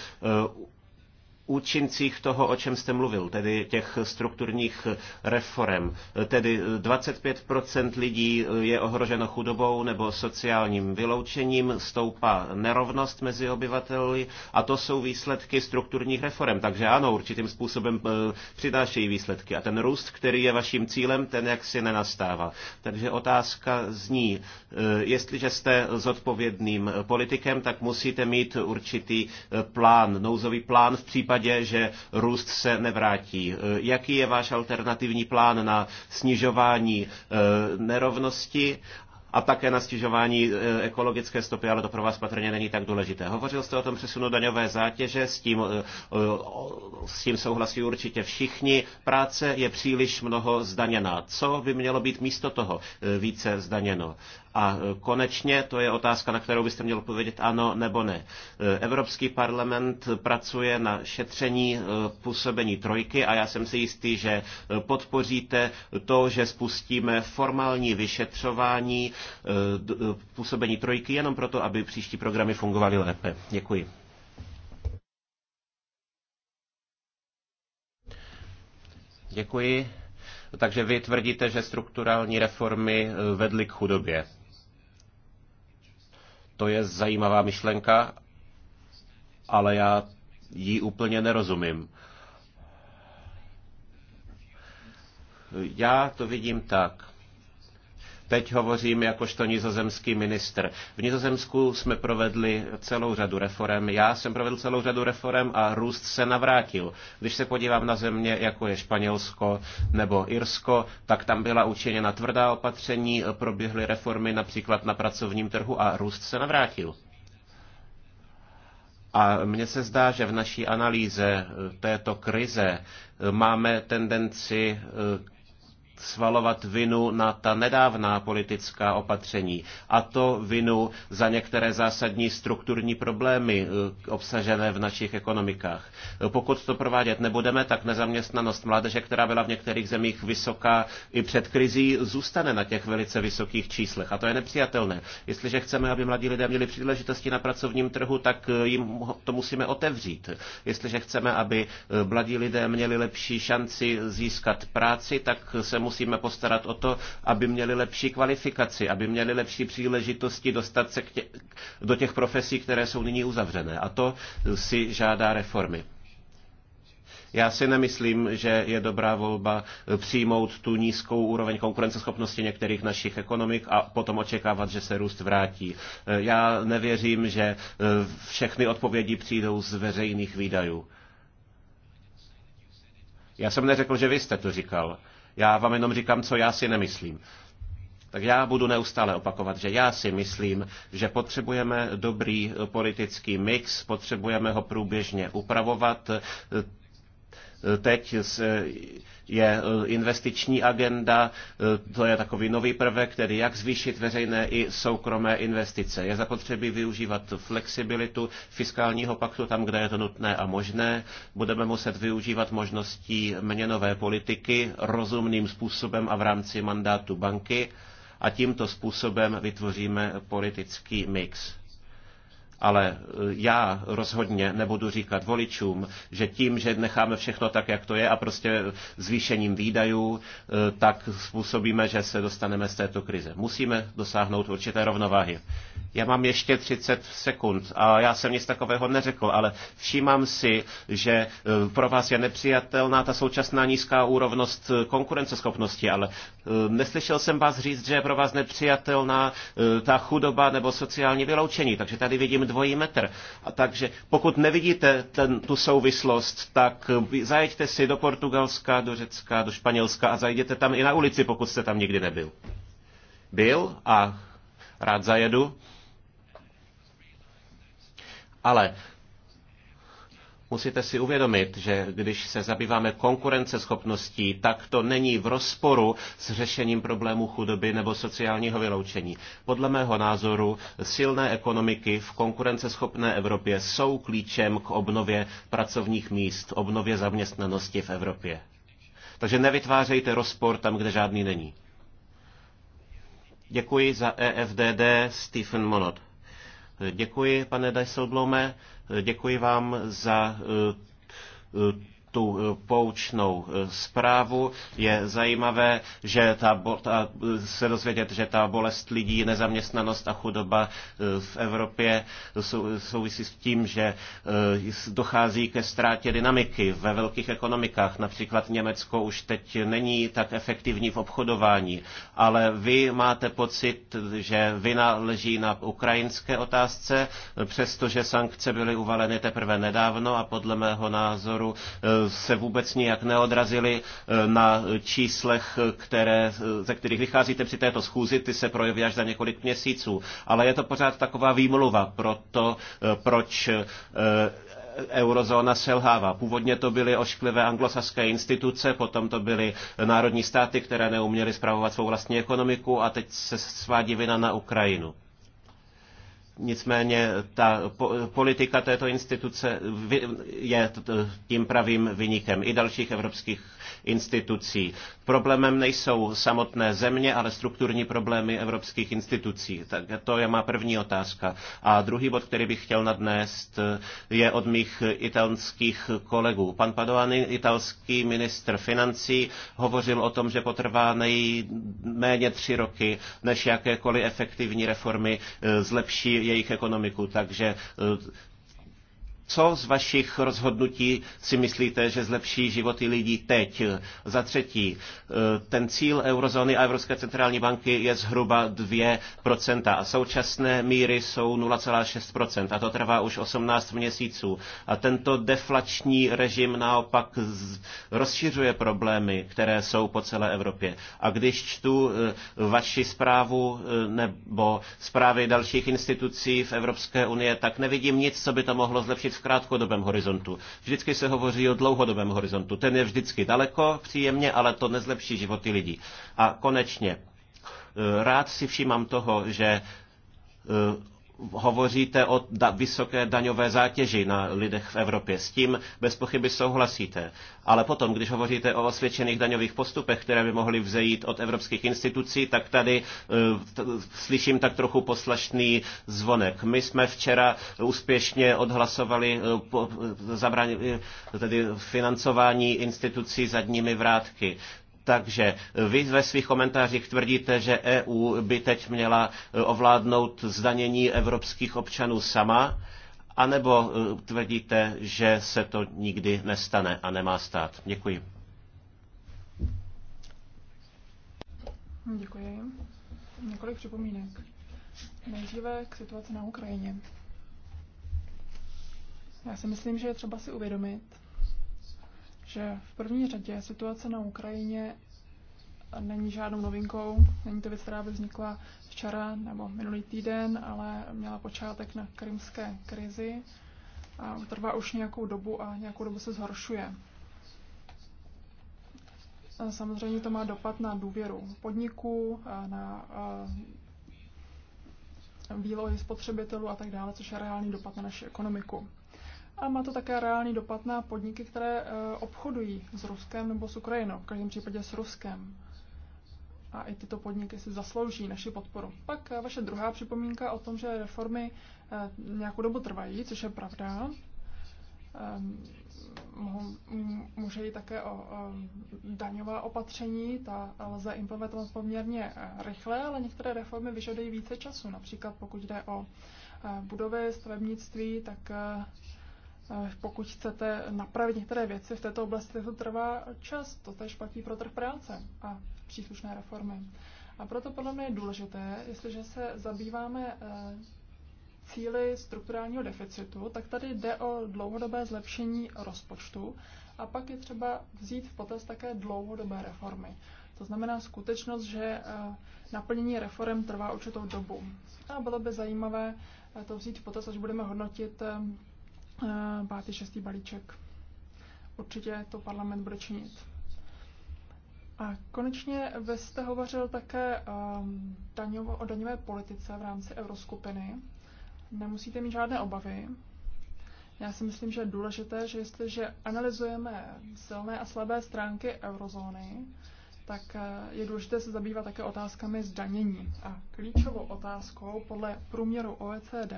účincích toho, o čem jste mluvil, tedy těch strukturních reform. Tedy 25% lidí je ohroženo chudobou nebo sociálním vyloučením, stoupá nerovnost mezi obyvateli a to jsou výsledky strukturních reform. Takže ano, určitým způsobem eh, přinášejí výsledky. A ten růst, který je vaším cílem, ten jaksi nenastává. Takže otázka zní, eh, jestliže jste zodpovědným politikem, tak musíte mít určitý eh, plán, nouzový plán v případě případě, že růst se nevrátí. E, jaký je váš alternativní plán na snižování e, nerovnosti a také na stěžování e, ekologické stopy, ale to pro vás patrně není tak důležité. Hovořil jste o tom přesunu daňové zátěže, s tím, s tím souhlasí určitě všichni. Práce je příliš mnoho zdaněná. Co by mělo být místo toho více zdaněno? A konečně, to je otázka, na kterou byste měl odpovědět ano nebo ne. Evropský parlament pracuje na šetření eh, působení trojky a já jsem si jistý, že podpoříte to, že spustíme formální vyšetřování eh, eh, působení trojky jenom proto, aby příští programy fungovaly lépe. Děkuji. Děkuji. Takže vy tvrdíte, že strukturální reformy vedly k chudobě. To je zajímavá myšlenka, ale já ji úplně nerozumím. Já to vidím tak. Teď hovořím jakožto nizozemský minister. V Nizozemsku jsme provedli celou řadu reform. Já jsem provedl celou řadu reform a růst se navrátil. Když se podívám na země, jako je Španělsko nebo Irsko, tak tam byla učiněna tvrdá opatření, proběhly reformy například na pracovním trhu a růst se navrátil. A mně se zdá, že v naší analýze eh, této krize eh, máme tendenci eh, svalovat vinu na ta nedávná politická opatření, a to vinu za některé zásadní strukturní problémy eh, obsažené v našich ekonomikách. Eh, pokud to provádět nebudeme, tak nezaměstnanost mládeže, která byla v některých zemích vysoká i před krizí, zůstane na těch velice vysokých číslech. A to je nepřijatelné. Jestliže chceme, aby mladí lidé měli příležitosti na pracovním trhu, tak eh, jim to musíme otevřít. Jestliže chceme, aby mladí lidé měli lepší šanci získat práci, tak se musíme postarat o to, aby měli lepší kvalifikaci, aby měli lepší příležitosti dostat se tě, do těch profesí, které jsou nyní uzavřené. A to si žádá reformy. Já si nemyslím, že je dobrá volba přijmout tu nízkou úroveň konkurenceschopnosti některých našich ekonomik a potom očekávat, že se růst vrátí. Já nevěřím, že všechny odpovědi přijdou z veřejných výdajů. Já jsem neřekl, že vy jste to říkal. Já vám jenom říkám, co já si nemyslím. Tak já budu neustále opakovat, že já si myslím, že potřebujeme dobrý politický mix, potřebujeme ho průběžně upravovat Teď je eh, investiční agenda, eh, to je takový nový prvek, tedy jak zvýšit veřejné i soukromé investice. Je zapotřebí využívat flexibilitu fiskálního paktu tam, kde je to nutné a možné. Budeme muset využívat možností měnové politiky rozumným způsobem a v rámci mandátu banky a tímto způsobem vytvoříme politický mix. Ale e, já rozhodně nebudu říkat voličům, že tím, že necháme všechno tak, jak to je a prostě zvýšením výdajů, e, tak způsobíme, že se dostaneme z této krize. Musíme dosáhnout určité rovnováhy. Já mám ještě 30 sekund a já jsem nic takového neřekl, ale všímám si, že e, pro vás je nepřijatelná ta současná nízká úrovnost konkurenceschopnosti, ale neslyšel jsem vás říct, že je pro vás nepřijatelná ta chudoba nebo sociální vyloučení. Takže tady vidím dvojí metr. A takže pokud nevidíte ten, tu souvislost, tak zajeďte si do Portugalska, do Řecka, do Španělska a zajděte tam i na ulici, pokud jste tam nikdy nebyl. Byl a rád zajedu. Ale Musíte si uvědomit, že když se zabýváme konkurenceschopností, tak to není v rozporu s řešením problémů chudoby nebo sociálního vyloučení. Podle mého názoru silné ekonomiky v konkurenceschopné Evropě jsou klíčem k obnově pracovních míst, obnově zaměstnanosti v Evropě. Takže nevytvářejte rozpor tam, kde žádný není. Děkuji za EFDD Stephen Monod. Děkuji, pane Dijsselblome, děkuji vám za eh, eh, tu eh, poučnou eh, zprávu. Je zajímavé, že ta, ta, eh, se dozvědět, že ta bolest lidí, nezaměstnanost a chudoba v Evropě sou, souvisí s tím, že dochází ke ztrátě dynamiky ve velkých ekonomikách. Například Německo už teď není tak efektivní v obchodování, ale vy máte pocit, že vina leží na ukrajinské otázce, přestože sankce byly uvaleny teprve nedávno a podle mého názoru se vůbec nijak neodrazily eh, na číslech, které, eh, ze kterých vycházíte při této schůzi, ty se projeví až za několik měsíců. Ale je to pořád taková výmluva pro to, eh, proč eurozóna selhává. Původně to byly ošklivé anglosaské instituce, potom to byly národní státy, které neuměly zpravovat svou vlastní ekonomiku a teď se svádí vina na Ukrajinu. Nicméně ta politika této instituce je tím pravým vynikem i dalších evropských institucí. Problémem nejsou samotné země, ale strukturní problémy evropských institucí. Tak to je má první otázka. A druhý bod, který bych chtěl nadnést, je od mých italských kolegů. Pan Padovany, italský ministr financí, hovořil o tom, že potrvá nejméně tři roky, než jakékoliv efektivní reformy e, zlepší jejich ekonomiku. Takže eh, co z vašich rozhodnutí si myslíte, že zlepší životy lidí teď? Za třetí, e, ten cíl eurozóny a Evropské centrální banky je zhruba 2% a současné míry jsou 0,6% a to trvá už 18 měsíců. A tento deflační režim naopak rozšiřuje problémy, které jsou po celé Evropě. A když čtu e, vaši zprávu e, nebo zprávy dalších institucí v Evropské unii, tak nevidím nic, co by to mohlo zlepšit v krátkodobém horizontu. Vždycky se hovoří o dlouhodobém horizontu. Ten je vždycky daleko, příjemně, ale to nezlepší životy lidí. A konečně, eh, rád si všímám toho, že eh, hovoříte o da- vysoké daňové zátěži na lidech v Evropě. S tím bez pochyby souhlasíte. Ale potom, když hovoříte o osvědčených daňových postupech, které by mohly vzejít od evropských institucí, tak tady uh, slyším tak trochu poslašný zvonek. My jsme včera úspěšně odhlasovali uh, po, e, zabraň, tedy financování institucí zadními vrátky. Takže vy ve svých komentářích tvrdíte, že EU by teď měla e, ovládnout zdanění evropských občanů sama, anebo e, tvrdíte, že se to nikdy nestane a nemá stát? Děkuji. Děkuji. Několik připomínek. Nejdříve k situaci na Ukrajině. Já si myslím, že je třeba si uvědomit, že v první řadě situace na Ukrajině není žádnou novinkou. Není to věc, která by vznikla včera nebo minulý týden, ale měla počátek na krymské krizi a trvá už nějakou dobu a nějakou dobu se zhoršuje. Samozřejmě to má dopad na důvěru podniků, na eh, výlohy spotřebitelů a tak dále, což je reálný dopad na naši ekonomiku. A má to také reálný dopad na podniky, které eh, obchodují s Ruskem nebo s Ukrajinou, v každém případě s Ruskem. A i tyto podniky si zaslouží naši podporu. Pak eh, vaše druhá připomínka o tom, že reformy eh, nějakou dobu trvají, což je pravda. Ehm, mm, může jít také o daňová opatření, ta lze implementovat poměrně rychle, ale některé reformy vyžadují více času. Například pokud jde o budovy, stavebnictví, tak Eh, pokud chcete napravit některé věci v této oblasti, to trvá čas. To tež platí pro trh práce a příslušné reformy. A proto podle mě je důležité, jestliže se zabýváme eh, cíly strukturálního deficitu, tak tady jde o dlouhodobé zlepšení rozpočtu a pak je třeba vzít v potaz také dlouhodobé reformy. To znamená skutečnost, že eh, naplnění reform trvá určitou dobu. A bylo by zajímavé to vzít v potaz, až budeme hodnotit Eh, pátý, šestý balíček. Určitě to parlament bude činit. A konečně vy jste hovořil také um, daňovo, o daňové politice v rámci euroskupiny. Nemusíte mít žádné obavy. Já si myslím, že je důležité, že jestliže analyzujeme silné a slabé stránky eurozóny, tak eh, je důležité se zabývat také otázkami zdanění. A klíčovou otázkou podle průměru OECD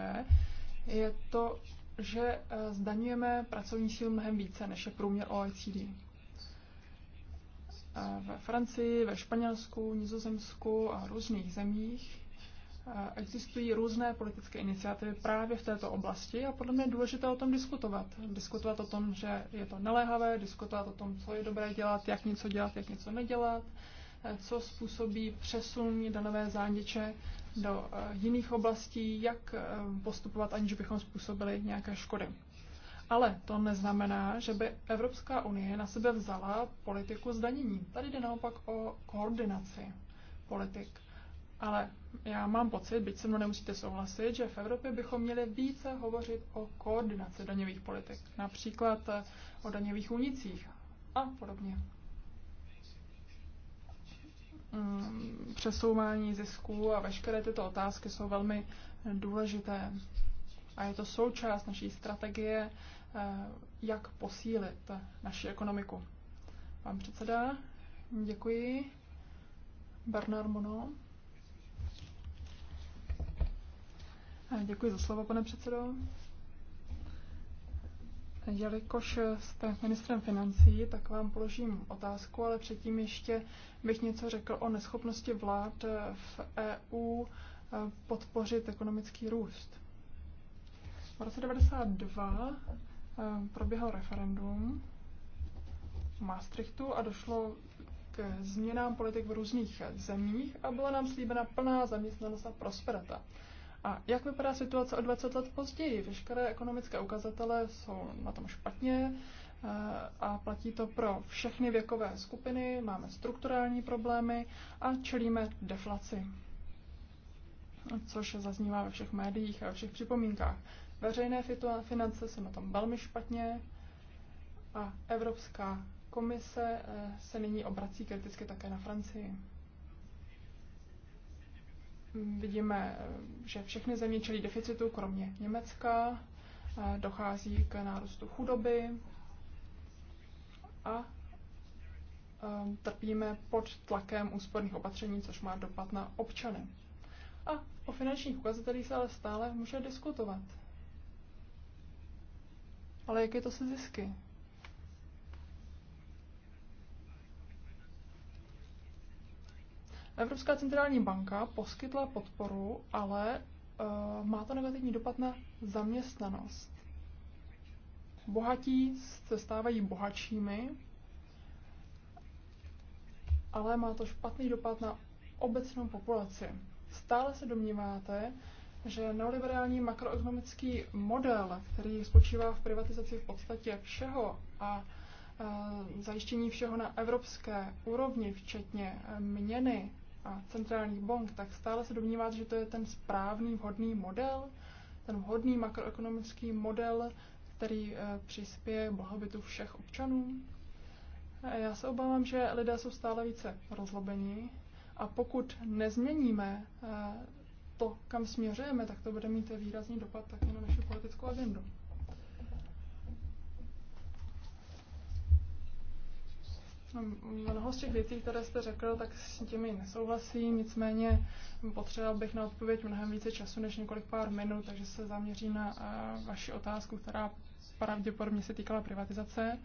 je to, že eh, zdaňujeme pracovní sílu mnohem více, než je průměr OECD. Eh, ve Francii, ve Španělsku, Nizozemsku a různých zemích eh, existují různé politické iniciativy právě v této oblasti a podle mě je důležité o tom diskutovat. Diskutovat o tom, že je to naléhavé, diskutovat o tom, co je dobré dělat, jak něco dělat, jak něco nedělat, co způsobí přesun danové zániče do eh, jiných oblastí, jak eh, postupovat, aniž bychom způsobili nějaké škody. Ale to neznamená, že by Evropská unie na sebe vzala politiku zdanění. Tady jde naopak o koordinaci politik. Ale já mám pocit, byť se mnou nemusíte souhlasit, že v Evropě bychom měli více hovořit o koordinaci daňových politik, například eh, o daňových únicích a podobně. Mm, přesouvání zisků a veškeré tyto otázky jsou velmi důležité. A je to součást naší strategie, eh, jak posílit naši ekonomiku. Pan předseda, děkuji. Bernard Mono. Eh, děkuji za slovo, pane předsedo. Jelikož jste ministrem financí, tak vám položím otázku, ale předtím ještě bych něco řekl o neschopnosti vlád v EU eh, podpořit ekonomický růst. V roce 1992 eh, proběhlo referendum v Maastrichtu a došlo k změnám politik v různých zemích a byla nám slíbena plná zaměstnanost a prosperita. A jak vypadá situace o 20 let později? Veškeré ekonomické ukazatele jsou na tom špatně eh, a platí to pro všechny věkové skupiny, máme strukturální problémy a čelíme deflaci, což zaznívá ve všech médiích a ve všech připomínkách. Veřejné finance jsou na tom velmi špatně a Evropská komise eh, se nyní obrací kriticky také na Francii. Mm-hmm. Vidíme, eh, že všechny země čelí deficitu, kromě Německa, dochází k nárůstu chudoby a eh, trpíme pod tlakem úsporných opatření, což má dopad na občany. A o finančních ukazatelích se ale stále může diskutovat. Ale jak je to se zisky? Evropská centrální banka poskytla podporu, ale eh, má to negativní dopad na zaměstnanost. Bohatí se stávají bohatšími, ale má to špatný dopad na obecnou populaci. Stále se domníváte, že neoliberální makroekonomický model, který spočívá v privatizaci v podstatě všeho a eh, zajištění všeho na evropské úrovni, včetně eh, měny, a centrální bank, tak stále se domníváte, že to je ten správný, vhodný model, ten vhodný makroekonomický model, který eh, přispěje blahobytu všech občanů? Já se obávám, že lidé jsou stále více rozlobení a pokud nezměníme eh, to, kam směřujeme, tak to bude mít výrazný dopad také na naši politickou agendu. No, mnoho z těch věcí, které jste řekl, tak s těmi nesouhlasím, nicméně potřeboval bych na odpověď mnohem více času než několik pár minut, takže se zaměřím na eh, vaši otázku, která pravděpodobně se týkala privatizace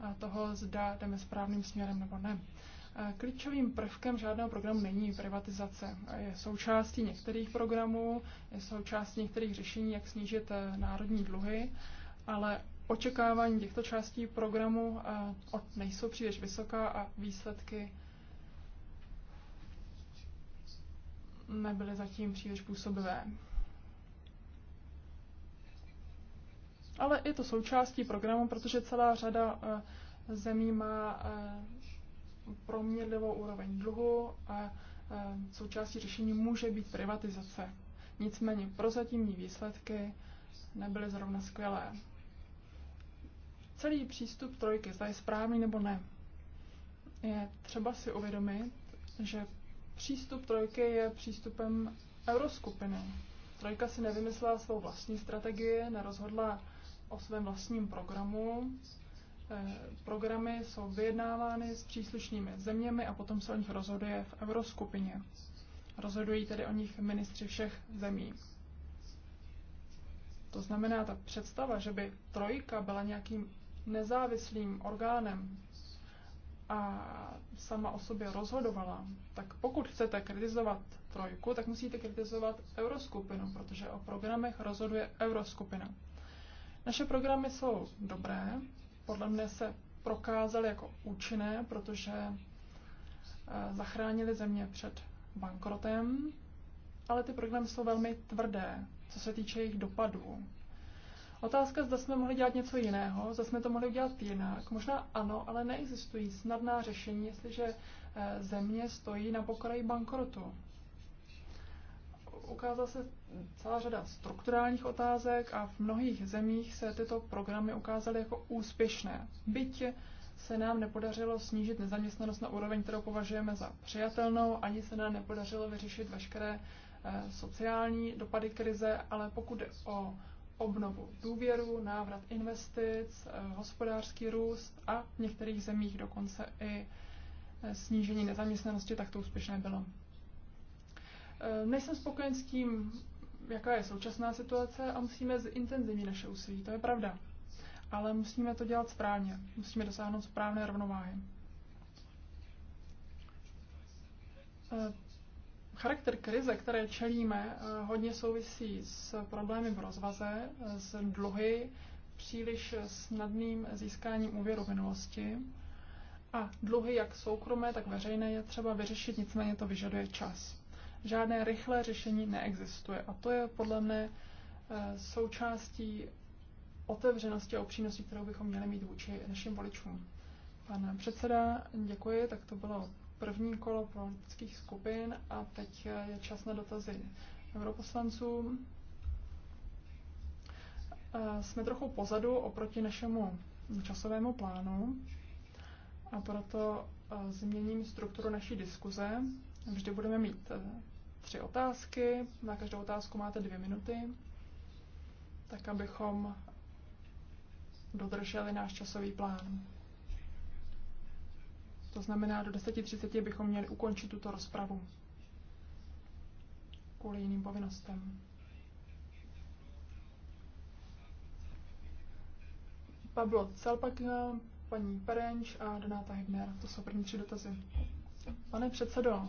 a toho, zda jdeme správným směrem nebo ne. Eh, klíčovým prvkem žádného programu není privatizace. Je součástí některých programů, je součástí některých řešení, jak snížit eh, národní dluhy, ale očekávání těchto částí programu nejsou příliš vysoká a výsledky nebyly zatím příliš působivé. Ale je to součástí programu, protože celá řada e, zemí má e, proměrlivou úroveň dluhu a e, součástí řešení může být privatizace. Nicméně prozatímní výsledky nebyly zrovna skvělé celý přístup trojky, zda je správný nebo ne. Je třeba si uvědomit, že přístup trojky je přístupem euroskupiny. Trojka si nevymyslela svou vlastní strategii, nerozhodla o svém vlastním programu. Eh, programy jsou vyjednávány s příslušnými zeměmi a potom se o nich rozhoduje v euroskupině. Rozhodují tedy o nich ministři všech zemí. To znamená, ta představa, že by trojka byla nějakým nezávislým orgánem a sama o sobě rozhodovala, tak pokud chcete kritizovat trojku, tak musíte kritizovat euroskupinu, protože o programech rozhoduje euroskupina. Naše programy jsou dobré, podle mě se prokázaly jako účinné, protože eh, zachránili země před bankrotem, ale ty programy jsou velmi tvrdé, co se týče jejich dopadů. Otázka, zda jsme mohli dělat něco jiného, zda jsme to mohli udělat jinak. Možná ano, ale neexistují snadná řešení, jestliže eh, země stojí na pokraji bankrotu. Ukázala se celá řada strukturálních otázek a v mnohých zemích se tyto programy ukázaly jako úspěšné. Byť se nám nepodařilo snížit nezaměstnanost na úroveň, kterou považujeme za přijatelnou, ani se nám nepodařilo vyřešit veškeré eh, sociální dopady krize, ale pokud jde o obnovu důvěru, návrat investic, eh, hospodářský růst a v některých zemích dokonce i eh, snížení nezaměstnanosti, tak to úspěšné bylo. Eh, nejsem spokojen s tím, jaká je současná situace a musíme zintenzivnit naše úsilí, to je pravda. Ale musíme to dělat správně, musíme dosáhnout správné rovnováhy. Charakter krize, které čelíme, eh, hodně souvisí s problémy v rozvaze, s dluhy, příliš snadným získáním úvěru v minulosti. A dluhy, jak soukromé, tak veřejné, je třeba vyřešit, nicméně to vyžaduje čas. Žádné rychlé řešení neexistuje a to je podle mě eh, součástí otevřenosti a upřímnosti, kterou bychom měli mít vůči našim voličům. Pane předseda, děkuji, tak to bylo první kolo politických skupin a teď je čas na dotazy europoslanců. Eh, jsme trochu pozadu oproti našemu časovému plánu a proto eh, změním strukturu naší diskuze. Vždy budeme mít eh, tři otázky, na každou otázku máte dvě minuty, tak abychom dodrželi náš časový plán. To znamená, do 10.30 bychom měli ukončit tuto rozpravu kvůli jiným povinnostem. Pablo Celpakna, paní Perenč a Donáta Hegner. To jsou první tři dotazy. Pane předsedo,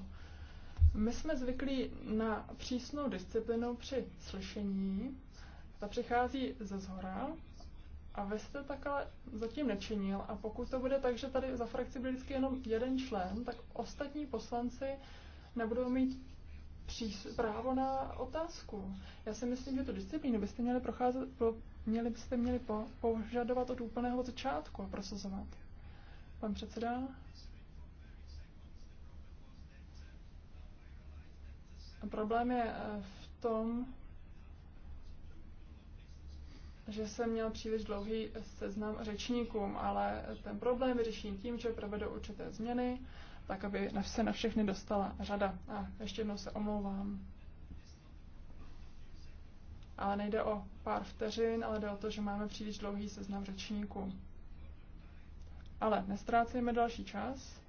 my jsme zvyklí na přísnou disciplinu při slyšení. Ta přichází ze zhora a vy jste takhle zatím nečinil a pokud to bude tak, že tady za frakci byl vždycky jenom jeden člen, tak ostatní poslanci nebudou mít přís- právo na otázku. Já si myslím, že tu disciplínu byste měli procházet, pro, měli byste měli po, požadovat od úplného začátku a prosazovat. Pan předseda? A problém je eh, v tom, že jsem měl příliš dlouhý seznam řečníkům, ale ten problém vyřeším tím, že provedu určité změny, tak aby se na všechny dostala řada. A ještě jednou se omlouvám. Ale nejde o pár vteřin, ale jde o to, že máme příliš dlouhý seznam řečníků. Ale nestrácejme další čas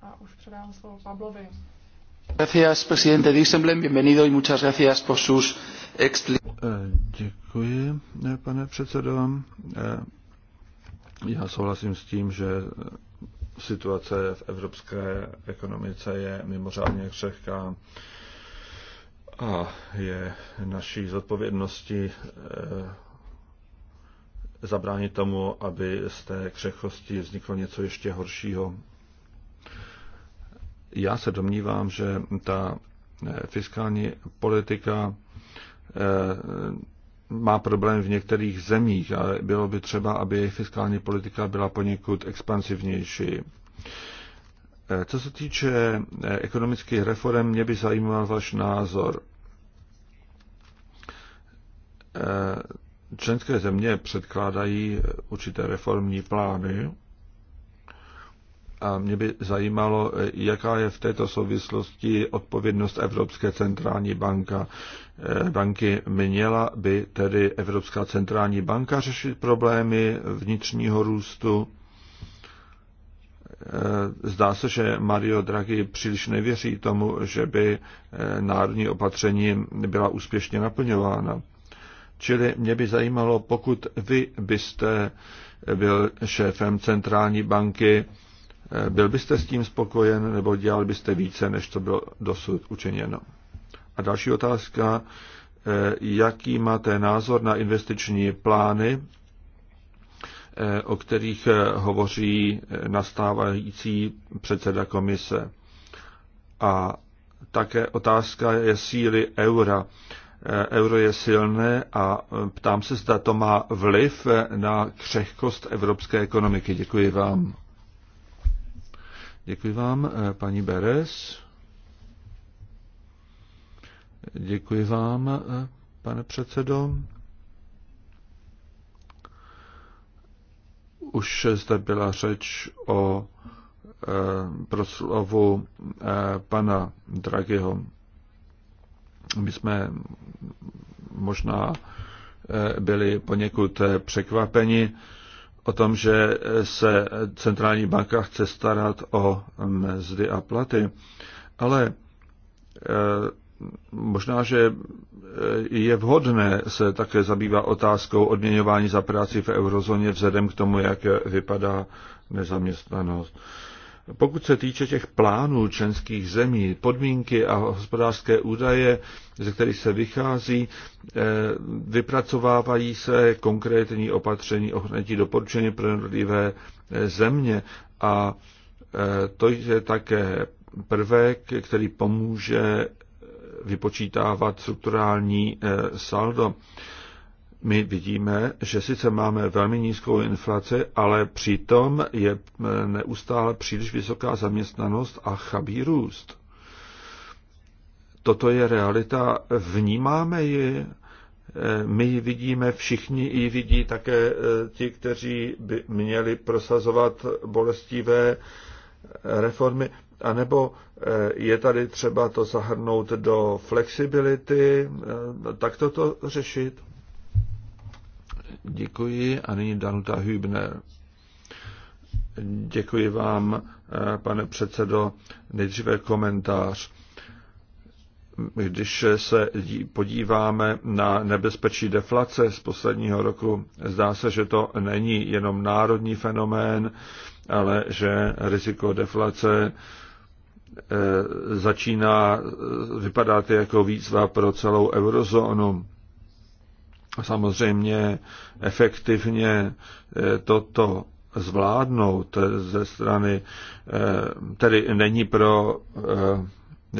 a už předám slovo Pablovi. Gracias, presidente Dieselblem. Bienvenido y muchas gracias por sus eh, Děkuji, eh, pane předsedo. Eh, já souhlasím s tím, že situace v evropské ekonomice je mimořádně křehká a je naší zodpovědností zabránit tomu, aby z té křehkosti vzniklo něco ještě horšího já se domnívám, že ta eh, fiskální politika eh, má problém v některých zemích a bylo by třeba, aby jejich fiskální politika byla poněkud expansivnější. Eh, co se týče ekonomických reform, mě by zajímal váš názor. Členské země předkládají určité reformní plány a mě by zajímalo, jaká je v této souvislosti odpovědnost Evropské centrální banka. Eh, banky měla by tedy Evropská centrální banka řešit problémy vnitřního růstu. Eh, zdá se, že Mario Draghi příliš nevěří tomu, že by eh, národní opatření byla úspěšně naplňována. Čili mě by zajímalo, pokud vy byste byl šéfem centrální banky, Eh, byl byste s tím spokojen nebo dělal byste více, než to bylo dosud učiněno? A další otázka, eh, jaký máte názor na investiční plány, eh, o kterých hovoří nastávající předseda komise? A také otázka je síly eura. Euro je silné a ptám se, zda to má vliv na křehkost evropské ekonomiky. Děkuji vám. Děkuji vám, eh, paní Beres. Děkuji vám, eh, pane předsedo. Už zde byla řeč o eh, proslovu pana Dragiho. My jsme možná byli poněkud překvapeni, o tom, že se centrální banka chce starat o mzdy a platy, ale e, možná, že e, je vhodné se také zabývat otázkou odměňování za práci v eurozóně vzhledem k tomu, jak vypadá nezaměstnanost. Pokud se týče těch plánů členských zemí, podmínky a hospodářské údaje, ze kterých se vychází, eh, vypracovávají se konkrétní opatření ohledně doporučení pro jednotlivé eh, země a eh, to je také prvek, který pomůže vypočítávat strukturální saldo my vidíme, že sice máme velmi nízkou inflaci, ale přitom je e, neustále příliš vysoká zaměstnanost a chabý růst. Toto je realita, vnímáme ji, e, my ji vidíme, všichni ji vidí také e, ti, kteří by měli prosazovat bolestivé reformy, anebo je tady třeba to zahrnout do flexibility, tak toto řešit. Děkuji a nyní Danuta Hübner. Děkuji vám, eh, pane předsedo. Nejdříve komentář. Když se podíváme na nebezpečí deflace z posledního roku, zdá se, že to není jenom národní fenomén, ale že riziko deflace eh, začíná eh, vypadat jako výzva pro celou eurozónu. Samozřejmě efektivně eh, toto zvládnout eh, ze strany, eh, tedy není pro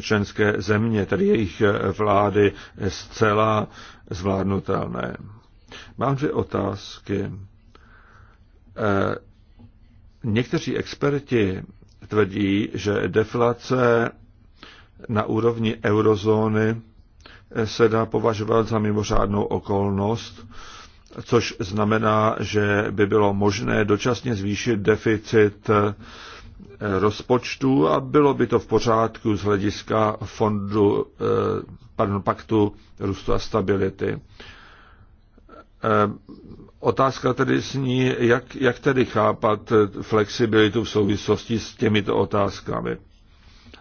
členské země, tedy jejich vlády, zcela zvládnutelné. Mám dvě otázky. Někteří experti tvrdí, že deflace na úrovni eurozóny se dá považovat za mimořádnou okolnost, což znamená, že by bylo možné dočasně zvýšit deficit eh, rozpočtu a bylo by to v pořádku z hlediska fondu, eh, pardon, paktu růstu a stability. Eh, otázka tedy zní, jak, jak tedy chápat flexibilitu v souvislosti s těmito otázkami.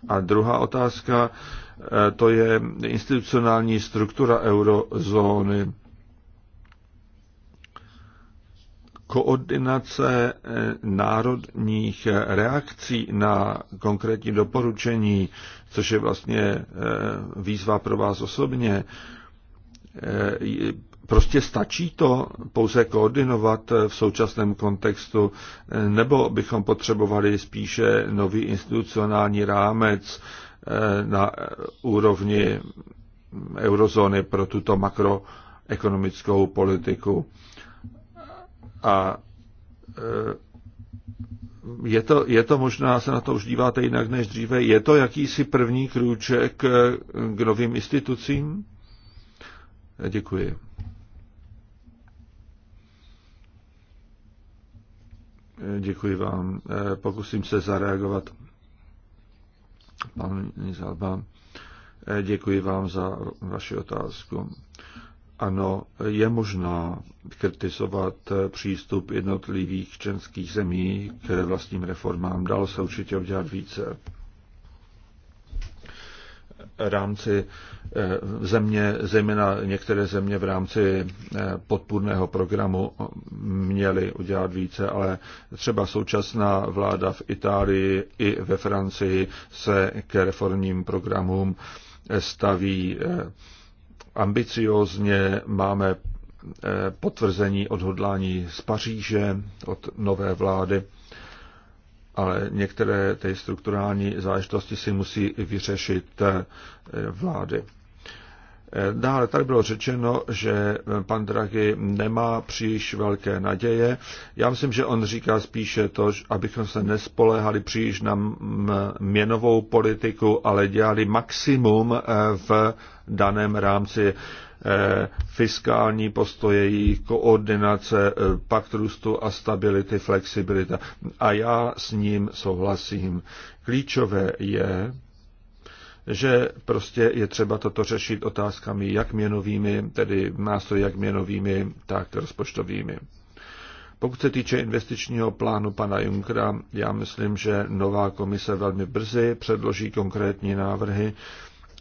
A druhá otázka, Eh, to je institucionální struktura eurozóny. Koordinace eh, národních reakcí na konkrétní doporučení, což je vlastně eh, výzva pro vás osobně, Prostě stačí to pouze koordinovat v současném kontextu, nebo bychom potřebovali spíše nový institucionální rámec, Eh, na úrovni eurozóny pro tuto makroekonomickou politiku. A eh, je to, je to možná, se na to už díváte jinak než dříve, je to jakýsi první krůček eh, k novým institucím? Děkuji. Děkuji vám. Pokusím se zareagovat. Pan Nizalba, eh, děkuji vám za vaši otázku. Ano, je možná kritizovat eh, přístup jednotlivých členských zemí k vlastním reformám. Dalo se určitě udělat více rámci eh, země, zejména některé země v rámci eh, podpůrného programu měly udělat více, ale třeba současná vláda v Itálii i ve Francii se ke reformním programům eh, staví ambiciózně. Máme potvrzení odhodlání z Paříže od nové vlády ale některé ty strukturální záležitosti si musí vyřešit eh, vlády. Eh, dále tady bylo řečeno, že pan Draghi nemá příliš velké naděje. Já myslím, že on říká spíše to, abychom se nespoléhali příliš na měnovou politiku, ale dělali maximum eh, v daném rámci. Eh, fiskální postoje, jejich koordinace, eh, pakt růstu a stability, flexibilita. A já s ním souhlasím. Klíčové je, že prostě je třeba toto řešit otázkami jak měnovými, tedy nástroji jak měnovými, tak rozpočtovými. Pokud se týče investičního plánu pana Junkera, já myslím, že nová komise velmi brzy předloží konkrétní návrhy,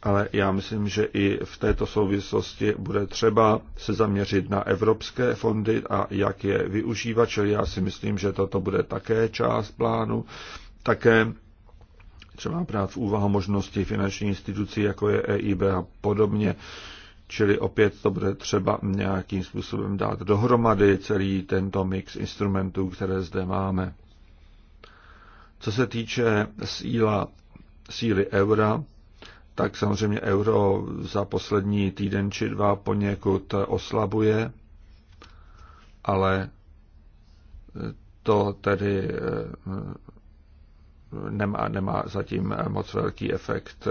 ale já myslím, že i v této souvislosti bude třeba se zaměřit na evropské fondy a jak je využívat, čili já si myslím, že toto bude také část plánu. Také třeba brát v úvahu možnosti finanční institucí, jako je EIB a podobně. Čili opět to bude třeba nějakým způsobem dát dohromady celý tento mix instrumentů, které zde máme. Co se týče síla, síly eura, tak samozřejmě euro za poslední týden či dva poněkud oslabuje, ale to tedy eh, nemá, nemá zatím moc velký efekt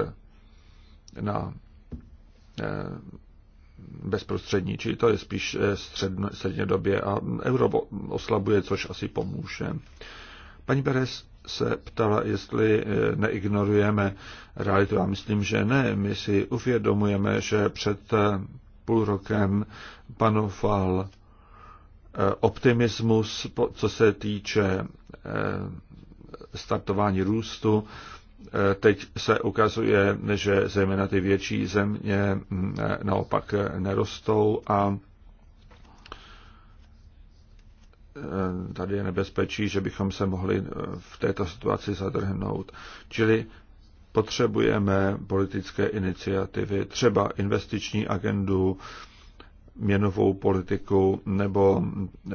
na eh, bezprostřední, čili to je spíš eh, středně době a euro oslabuje, což asi pomůže. Paní Beres se ptala, jestli eh, neignorujeme realitu. Já myslím, že ne. My si uvědomujeme, že před eh, půl rokem panoval eh, optimismus, co se týče startování růstu. Teď se ukazuje, že zejména ty větší země hm, naopak nerostou a Eh, tady je nebezpečí, že bychom se mohli eh, v této situaci zadrhnout. Čili potřebujeme politické iniciativy, třeba investiční agendu, měnovou politiku nebo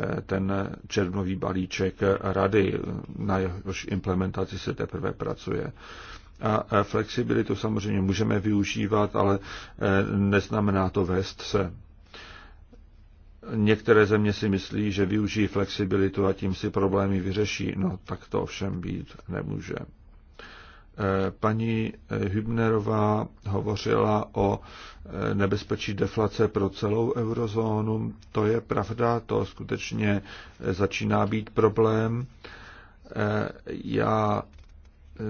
eh, ten červnový balíček rady, na jehož implementaci se teprve pracuje. A flexibilitu samozřejmě můžeme využívat, ale neznamená to vést se. Některé země si myslí, že využijí flexibilitu a tím si problémy vyřeší. No tak to ovšem být nemůže. Eh, paní eh, Hübnerová hovořila o eh, nebezpečí deflace pro celou eurozónu. To je pravda, to skutečně začíná být problém. Já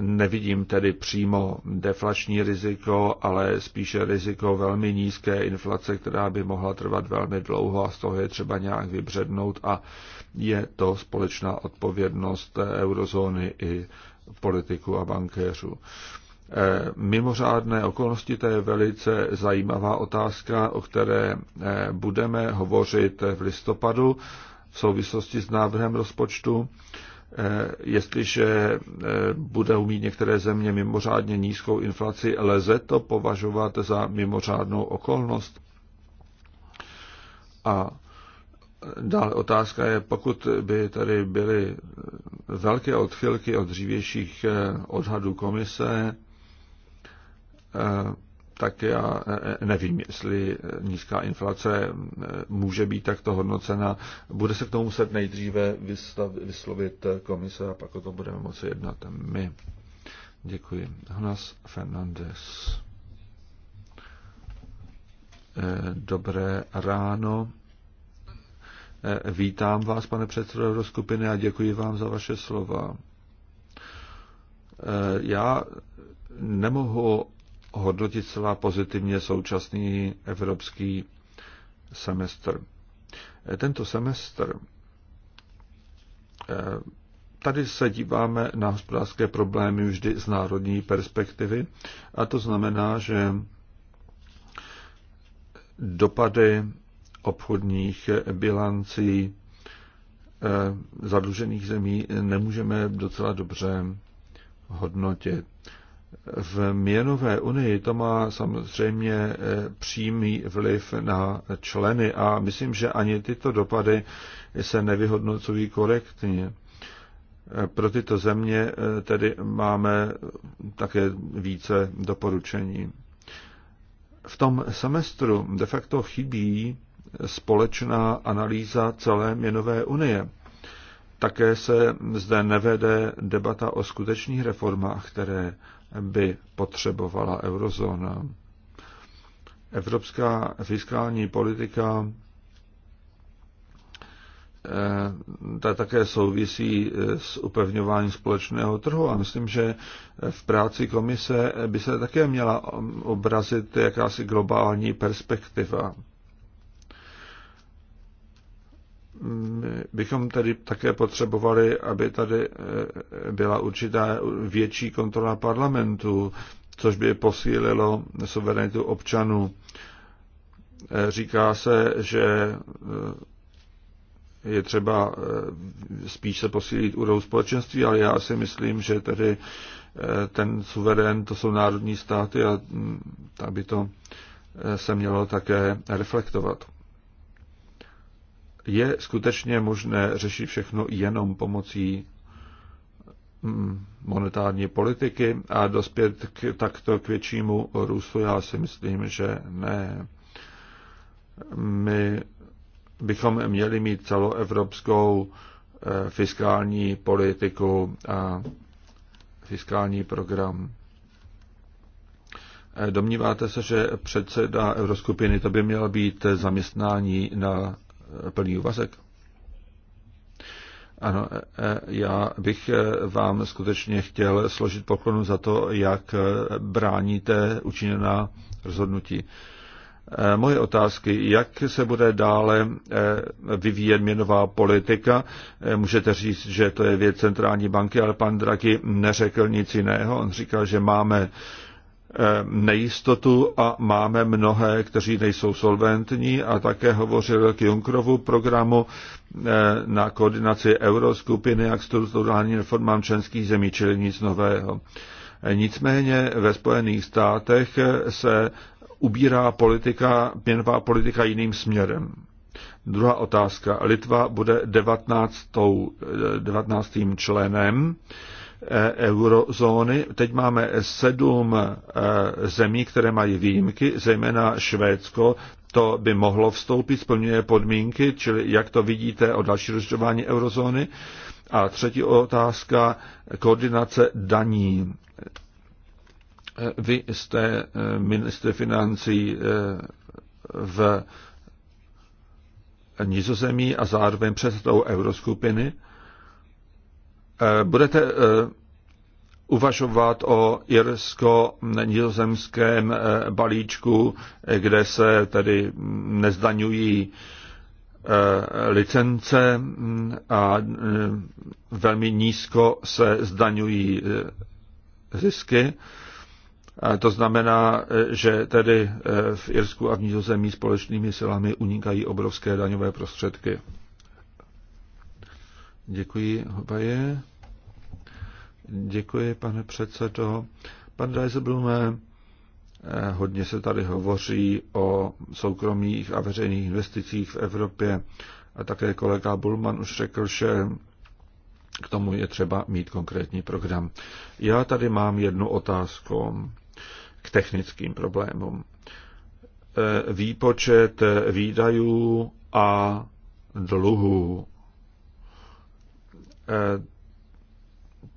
Nevidím tedy přímo deflační riziko, ale spíše riziko velmi nízké inflace, která by mohla trvat velmi dlouho a z toho je třeba nějak vybřednout a je to společná odpovědnost eurozóny i politiků a bankéřů. Eh, mimořádné okolnosti, to je velice zajímavá otázka, o které eh, budeme hovořit v listopadu v souvislosti s návrhem rozpočtu. Eh, jestliže eh, bude mít některé země mimořádně nízkou inflaci, lze to považovat za mimořádnou okolnost? A eh, dále otázka je, pokud by tady byly velké odchylky od dřívějších odhadů komise, tak já e, e, nevím, jestli nízká inflace e, může být takto hodnocena. Bude se k tomu muset nejdříve vyslovit komise a pak o tom budeme moci jednat my. Děkuji. Hnas Fernandez. Dobré ráno. Vítám vás, pane předsedo do skupiny, a děkuji vám za vaše slova. Já nemohu hodnotit celá pozitivně současný evropský semestr. Tento semestr eh, tady se díváme na hospodářské problémy vždy z národní perspektivy a to znamená, že dopady obchodních bilancí eh, zadlužených zemí nemůžeme docela dobře hodnotit. V měnové unii to má samozřejmě eh, přímý vliv na členy a myslím, že ani tyto dopady se nevyhodnocují korektně. Eh, pro tyto země eh, tedy máme také více doporučení. V tom semestru de facto chybí společná analýza celé měnové unie. Také se zde nevede debata o skutečných reformách, které by potřebovala eurozóna. Evropská fiskální politika eh, ta také souvisí eh, s upevňováním společného trhu a myslím, že v práci komise by se také měla eh, obrazit jakási globální perspektiva. my bychom tedy také potřebovali, aby tady eh, byla určitá větší kontrola parlamentu, což by posílilo suverenitu občanů. Eh, říká se, že eh, je třeba spíš se posílit úroveň společenství, ale já si myslím, že tedy ten suverén, to jsou národní státy a mm, aby to se mělo také reflektovat je skutečně možné řešit všechno jenom pomocí mm, monetární politiky a dospět k, takto k většímu růstu? Já si myslím, že ne. My bychom měli mít celoevropskou eh, fiskální politiku a fiskální program. Eh, domníváte se, že předseda Euroskupiny to by měl být zaměstnání na plný úvazek? Ano, e, e, já bych e, vám skutečně chtěl složit poklonu za to, jak bráníte učiněná rozhodnutí. Moje otázky, jak se bude dále vyvíjet měnová politika? Můžete říct, že to je věc centrální banky, ale pan Draghi neřekl nic jiného. On říkal, že máme Eh, nejistotu a máme mnohé, kteří nejsou solventní a také hovořil k Junkrovu programu eh, na koordinaci euroskupiny a k strukturálním reformám členských zemí, čili nic nového. Nicméně ve Spojených státech se ubírá politika, měnová politika jiným směrem. Druhá otázka. Litva bude 19. 19. Eh, členem Eh, eurozóny. Teď máme sedm eh, zemí, které mají výjimky, zejména Švédsko. To by mohlo vstoupit, splňuje podmínky, čili jak to vidíte o další rozšiřování eurozóny. A třetí otázka, koordinace daní. Eh, vy jste ministr financí v Nizozemí a zároveň předsedou euroskupiny. Eh, budete eh, uvažovat o irsko-nizozemském eh, balíčku, kde se tedy nezdaňují licence mm, a velmi nízko se zdaňují zisky. To znamená, že tedy v Irsku a v Nizozemí společnými silami unikají obrovské daňové prostředky. Děkuji, Hobaje. Děkuji, pane předsedo. Pane Dajzeblume, eh, hodně se tady hovoří o soukromých a veřejných investicích v Evropě a také kolega Bulman už řekl, že k tomu je třeba mít konkrétní program. Já tady mám jednu otázku k technickým problémům. Eh, výpočet výdajů a dluhů eh,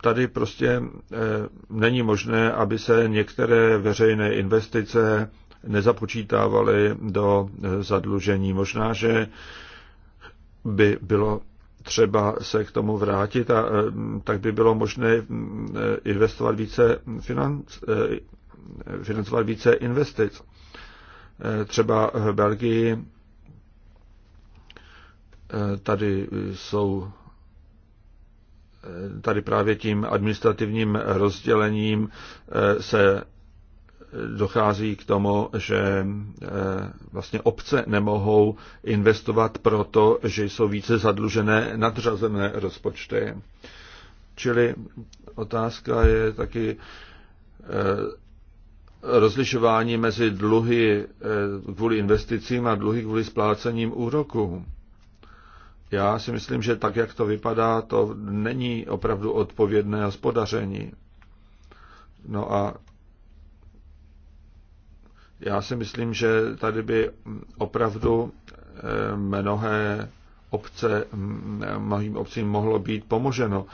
tady prostě eh, není možné, aby se některé veřejné investice nezapočítávaly do eh, zadlužení. Možná, že by bylo třeba se k tomu vrátit a eh, tak by bylo možné investovat více financ, financovat více investic. Třeba v Belgii tady jsou tady právě tím administrativním rozdělením eh, se dochází k tomu, že eh, vlastně obce nemohou investovat proto, že jsou více zadlužené nadřazené rozpočty. Čili otázka je taky eh, rozlišování mezi dluhy kvůli investicím a dluhy kvůli splácením úroků. Já si myslím, že tak, jak to vypadá, to není opravdu odpovědné hospodaření. No a já si myslím, že tady by opravdu eh, mnohé obce, mm, mnohým obcím mohlo být pomoženo.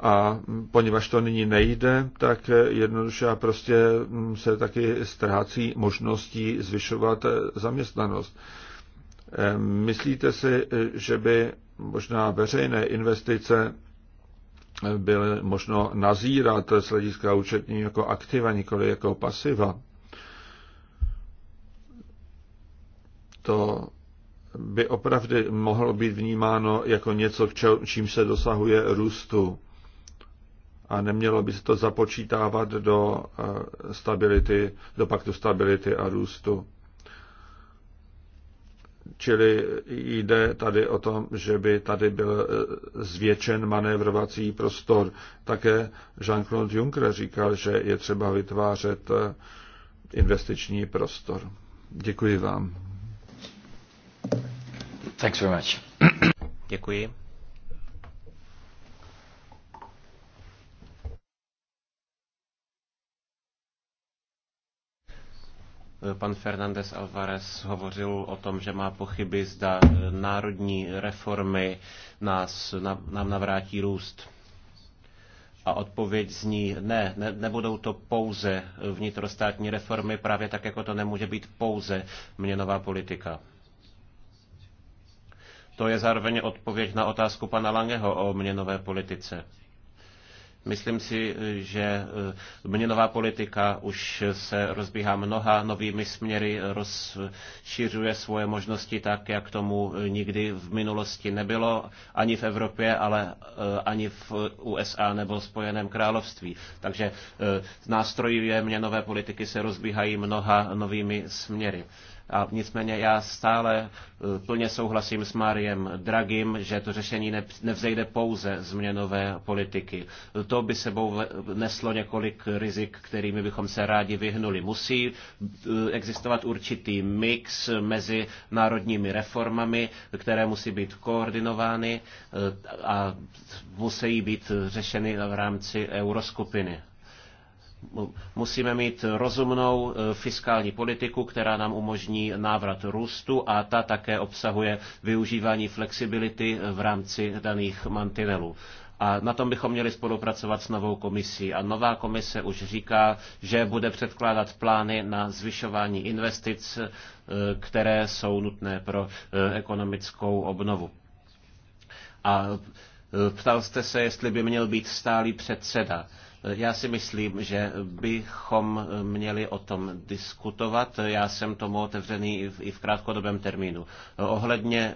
A poněvadž to nyní nejde, tak jednoduše a prostě mm, se taky ztrácí možností zvyšovat eh, zaměstnanost. Ehm, myslíte si, eh, že by možná veřejné investice eh, byly možno nazírat z hlediska účetní jako aktiva, nikoli jako pasiva? To by opravdu mohlo být vnímáno jako něco, čím se dosahuje růstu a nemělo by se to započítávat do eh, stability, do paktu stability a růstu. Čili jde tady o tom, že by tady byl e, zvětšen manévrovací prostor. Také Jean-Claude Juncker říkal, že je třeba vytvářet e, investiční prostor. Děkuji vám. Thanks very much. Děkuji. Pan Fernandes Alvarez hovořil o tom, že má pochyby, zda národní reformy nás, nám navrátí růst. A odpověď zní, ne, ne, nebudou to pouze vnitrostátní reformy, právě tak, jako to nemůže být pouze měnová politika. To je zároveň odpověď na otázku pana Langeho o měnové politice. Myslím si, že eh, měnová politika už se rozbíhá mnoha novými směry, rozšiřuje svoje možnosti tak, jak tomu nikdy v minulosti nebylo, ani v Evropě, ale eh, ani v USA nebo v Spojeném království. Takže eh, nástroje měnové politiky se rozbíhají mnoha novými směry. A nicméně já stále e, plně souhlasím s Mariem Dragim, že to řešení nevzejde pouze změnové politiky. To by sebou neslo několik rizik, kterými bychom se rádi vyhnuli. Musí e, existovat určitý mix mezi národními reformami, které musí být koordinovány e, a musí být řešeny v rámci euroskupiny musíme mít rozumnou eh, fiskální politiku, která nám umožní návrat růstu a ta také obsahuje využívání flexibility eh, v rámci daných mantinelů. A na tom bychom měli spolupracovat s novou komisí. A nová komise už říká, že bude předkládat plány na zvyšování investic, eh, které jsou nutné pro ekonomickou obnovu. A ptal jste se, jestli by měl být stálý předseda. Já si myslím, že bychom měli o tom diskutovat. Já jsem tomu otevřený i v krátkodobém termínu. Ohledně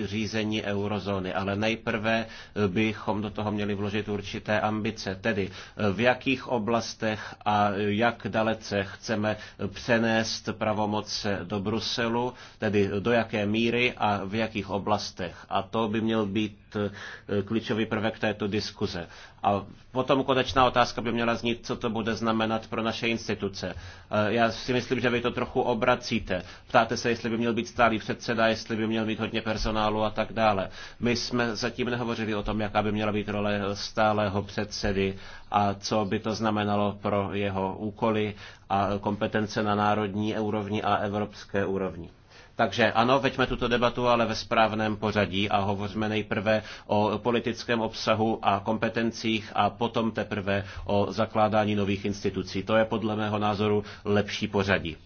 eh, řízení eurozóny, ale nejprve eh, bychom do toho měli vložit určité ambice, tedy eh, v jakých oblastech a jak dalece chceme přenést pravomoce do Bruselu, tedy do jaké míry a v jakých oblastech. A to by měl být Eh, klíčový prvek této diskuze. A potom konečná otázka by měla znít, co to bude znamenat pro naše instituce. Eh, já si myslím, že vy to trochu obracíte. Ptáte se, jestli by měl být stálý předseda, jestli by měl mít hodně personálu a tak dále. My jsme zatím nehovořili o tom, jaká by měla být role stálého předsedy a co by to znamenalo pro jeho úkoly a kompetence na národní úrovni a evropské úrovni. Takže ano, veďme tuto debatu, ale ve správném pořadí a hovořme nejprve o politickém obsahu a kompetencích a potom teprve o zakládání nových institucí. To je podle mého názoru lepší pořadí.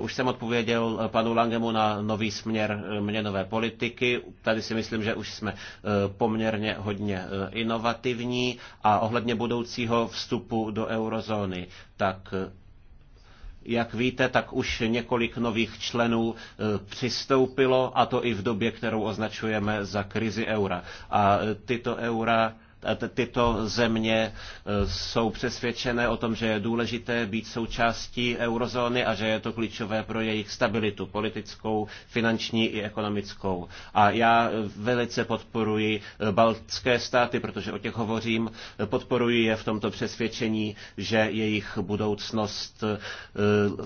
Už jsem odpověděl panu Langemu na nový směr měnové politiky. Tady si myslím, že už jsme eh, poměrně hodně eh, inovativní a ohledně budoucího vstupu do eurozóny, tak eh, jak víte, tak už několik nových členů e, přistoupilo, a to i v době, kterou označujeme za krizi eura. A e, tyto eura tyto země e, jsou přesvědčené o tom, že je důležité být součástí eurozóny a že je to klíčové pro jejich stabilitu politickou, finanční i ekonomickou. A já velice podporuji e, baltské státy, protože o těch hovořím, e, podporuji je v tomto přesvědčení, že jejich budoucnost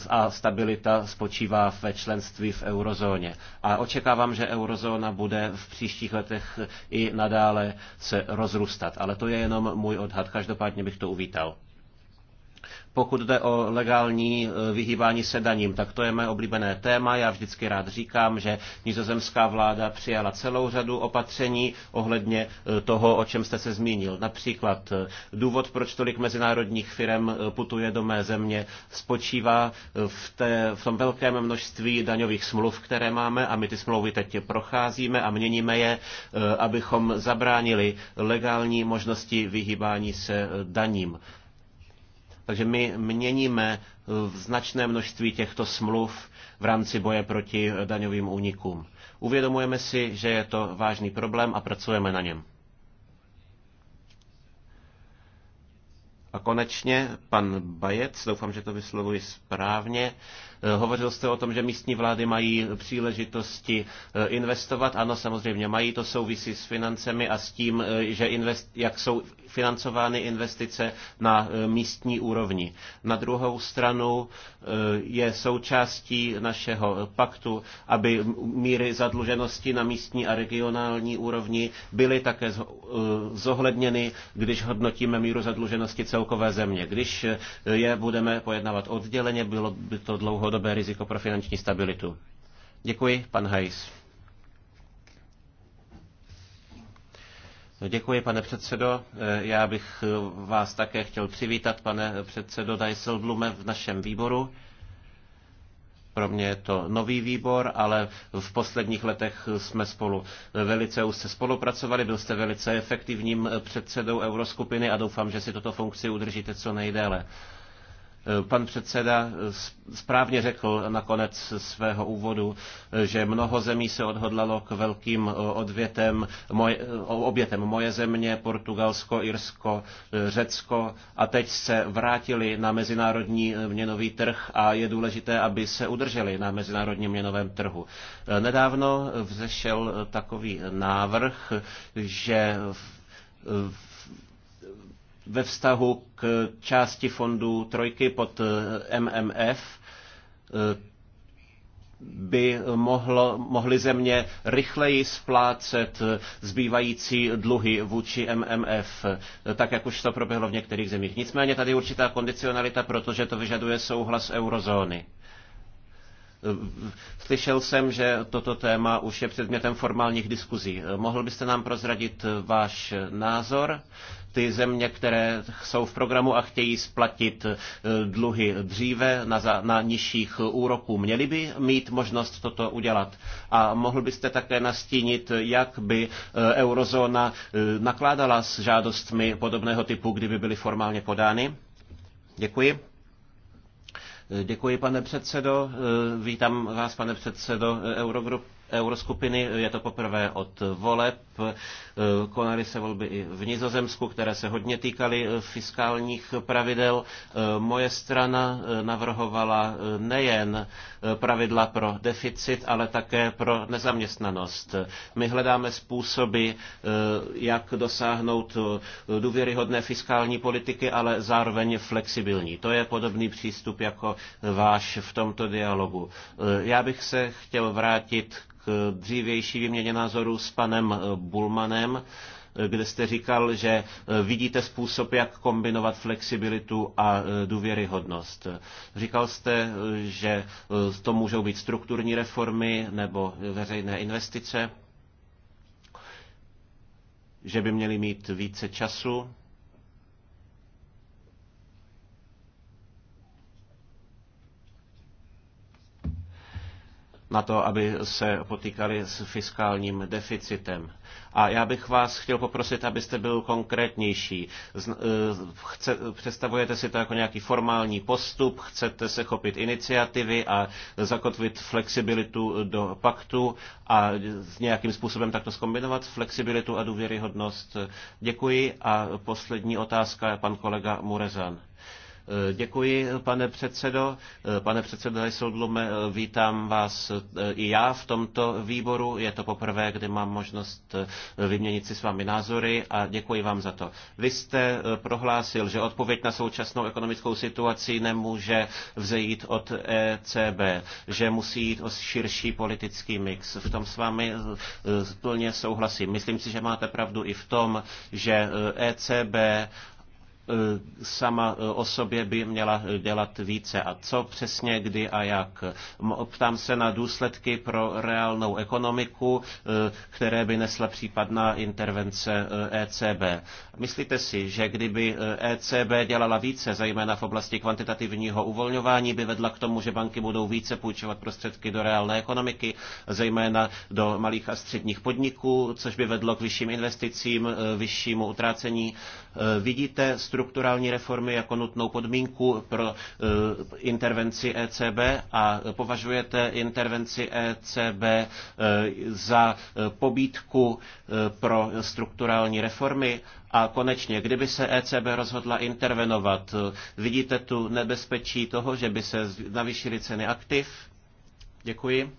a stabilita spočívá ve členství v eurozóně. A očekávám, že eurozóna bude v příštích letech i nadále se rozrůstat zůstat, ale to je jenom můj odhad. Každopádně bych to uvítal. Pokud jde o legální eh, vyhýbání se daním, tak to je mé oblíbené téma. Já vždycky rád říkám, že nizozemská vláda přijala celou řadu opatření ohledně eh, toho, o čem jste se zmínil. Například eh, důvod, proč tolik mezinárodních firm putuje do mé země, spočívá v, té, v tom velkém množství daňových smluv, které máme a my ty smlouvy teď procházíme a měníme je, abychom zabránili legální možnosti vyhýbání se daním. Takže my měníme eh, značné množství těchto smluv v rámci boje proti eh, daňovým únikům. Uvědomujeme si, že je to vážný problém a pracujeme na něm. A konečně pan Bajec, doufám, že to vyslovuji správně, Eh, hovořil jste o tom, že místní vlády mají příležitosti eh, investovat. Ano, samozřejmě mají, to souvisí s financemi a s tím, eh, že invest, jak jsou financovány investice na místní úrovni. Na druhou stranu je součástí našeho paktu, aby míry zadluženosti na místní a regionální úrovni byly také zohledněny, když hodnotíme míru zadluženosti celkové země. Když je budeme pojednávat odděleně, bylo by to dlouho dlouhodobé riziko pro finanční stabilitu. Děkuji, pan Hajs. Děkuji, pane předsedo. Eh, já bych eh, vás také chtěl přivítat, pane předsedo Dijsselblume, v našem výboru. Pro mě je to nový výbor, ale v posledních letech jsme spolu eh, velice už se spolupracovali. Byl jste velice efektivním předsedou Euroskupiny a doufám, že si toto funkci udržíte co nejdéle. Pan předseda správně řekl nakonec svého úvodu, že mnoho zemí se odhodlalo k velkým odvětem, moje, obětem. Moje země, Portugalsko, Irsko, e, Řecko a teď se vrátili na mezinárodní e, měnový trh a je důležité, aby se udrželi na mezinárodním měnovém trhu. E, nedávno vzešel takový návrh, že v ve vztahu k části fondů trojky pod eh, MMF eh, by mohlo, mohly země rychleji splácet eh, zbývající dluhy vůči MMF, tak jak už to proběhlo v některých zemích. Nicméně tady je určitá kondicionalita, protože to vyžaduje souhlas eurozóny. Slyšel jsem, že toto téma už je předmětem formálních diskuzí. Mohl byste nám prozradit váš názor? Ty země, které jsou v programu a chtějí splatit eh, dluhy dříve na, za, na nižších úroků, měly by mít možnost toto udělat. A mohl byste také nastínit, jak by eh, eurozóna eh, nakládala s žádostmi podobného typu, kdyby byly formálně podány? Děkuji. Děkuji, pane předsedo. Eh, vítám vás, pane předsedo eh, Eurogrup euroskupiny. Je to poprvé od voleb. Konaly se volby i v Nizozemsku, které se hodně týkaly fiskálních pravidel. Moje strana navrhovala nejen pravidla pro deficit, ale také pro nezaměstnanost. My hledáme způsoby, jak dosáhnout důvěryhodné fiskální politiky, ale zároveň flexibilní. To je podobný přístup jako váš v tomto dialogu. Já bych se chtěl vrátit k dřívější výměně názorů s panem eh, Bulmanem, eh, kde jste říkal, že eh, vidíte způsob, jak kombinovat flexibilitu a důvěryhodnost. Říkal jste, že to můžou být strukturní reformy nebo veřejné investice, že by měly mít více času na to, aby se potýkali s fiskálním deficitem. A já bych vás chtěl poprosit, abyste byl konkrétnější. Eh, chce, představujete si to jako nějaký formální postup, chcete se chopit iniciativy a zakotvit flexibilitu do paktu a nějakým způsobem takto skombinovat flexibilitu a důvěryhodnost. Děkuji a poslední otázka je pan kolega Murezan. Eh, děkuji, pane předsedo. Eh, pane předsedo Heiseldlume, eh, vítám vás i já v tomto výboru. Je to poprvé, kdy mám možnost vyměnit si s vámi názory a děkuji vám za to. Vy jste prohlásil, že odpověď na současnou ekonomickou situaci nemůže vzejít od ECB, že musí jít o širší politický mix. V tom s vámi plně souhlasím. Myslím si, že máte pravdu i v tom, že ECB e E, sama e, o sobě by měla dělat více. A co přesně, kdy a jak? Ptám se na důsledky pro reálnou ekonomiku, e, které by nesla případná intervence ECB. Myslíte si, že kdyby ECB dělala více, zejména v oblasti kvantitativního uvolňování, by vedla k tomu, že banky budou více půjčovat prostředky do reálné ekonomiky, zejména do malých a středních podniků, což by vedlo k vyšším investicím, vyššímu utrácení. Vidíte strukturální reformy jako nutnou podmínku pro eh, intervenci ECB a považujete intervenci ECB eh, za eh, pobídku pro strukturální reformy? A konečně, kdyby se ECB rozhodla intervenovat, vidíte tu nebezpečí toho, že by se navýšily ceny aktiv? Děkuji.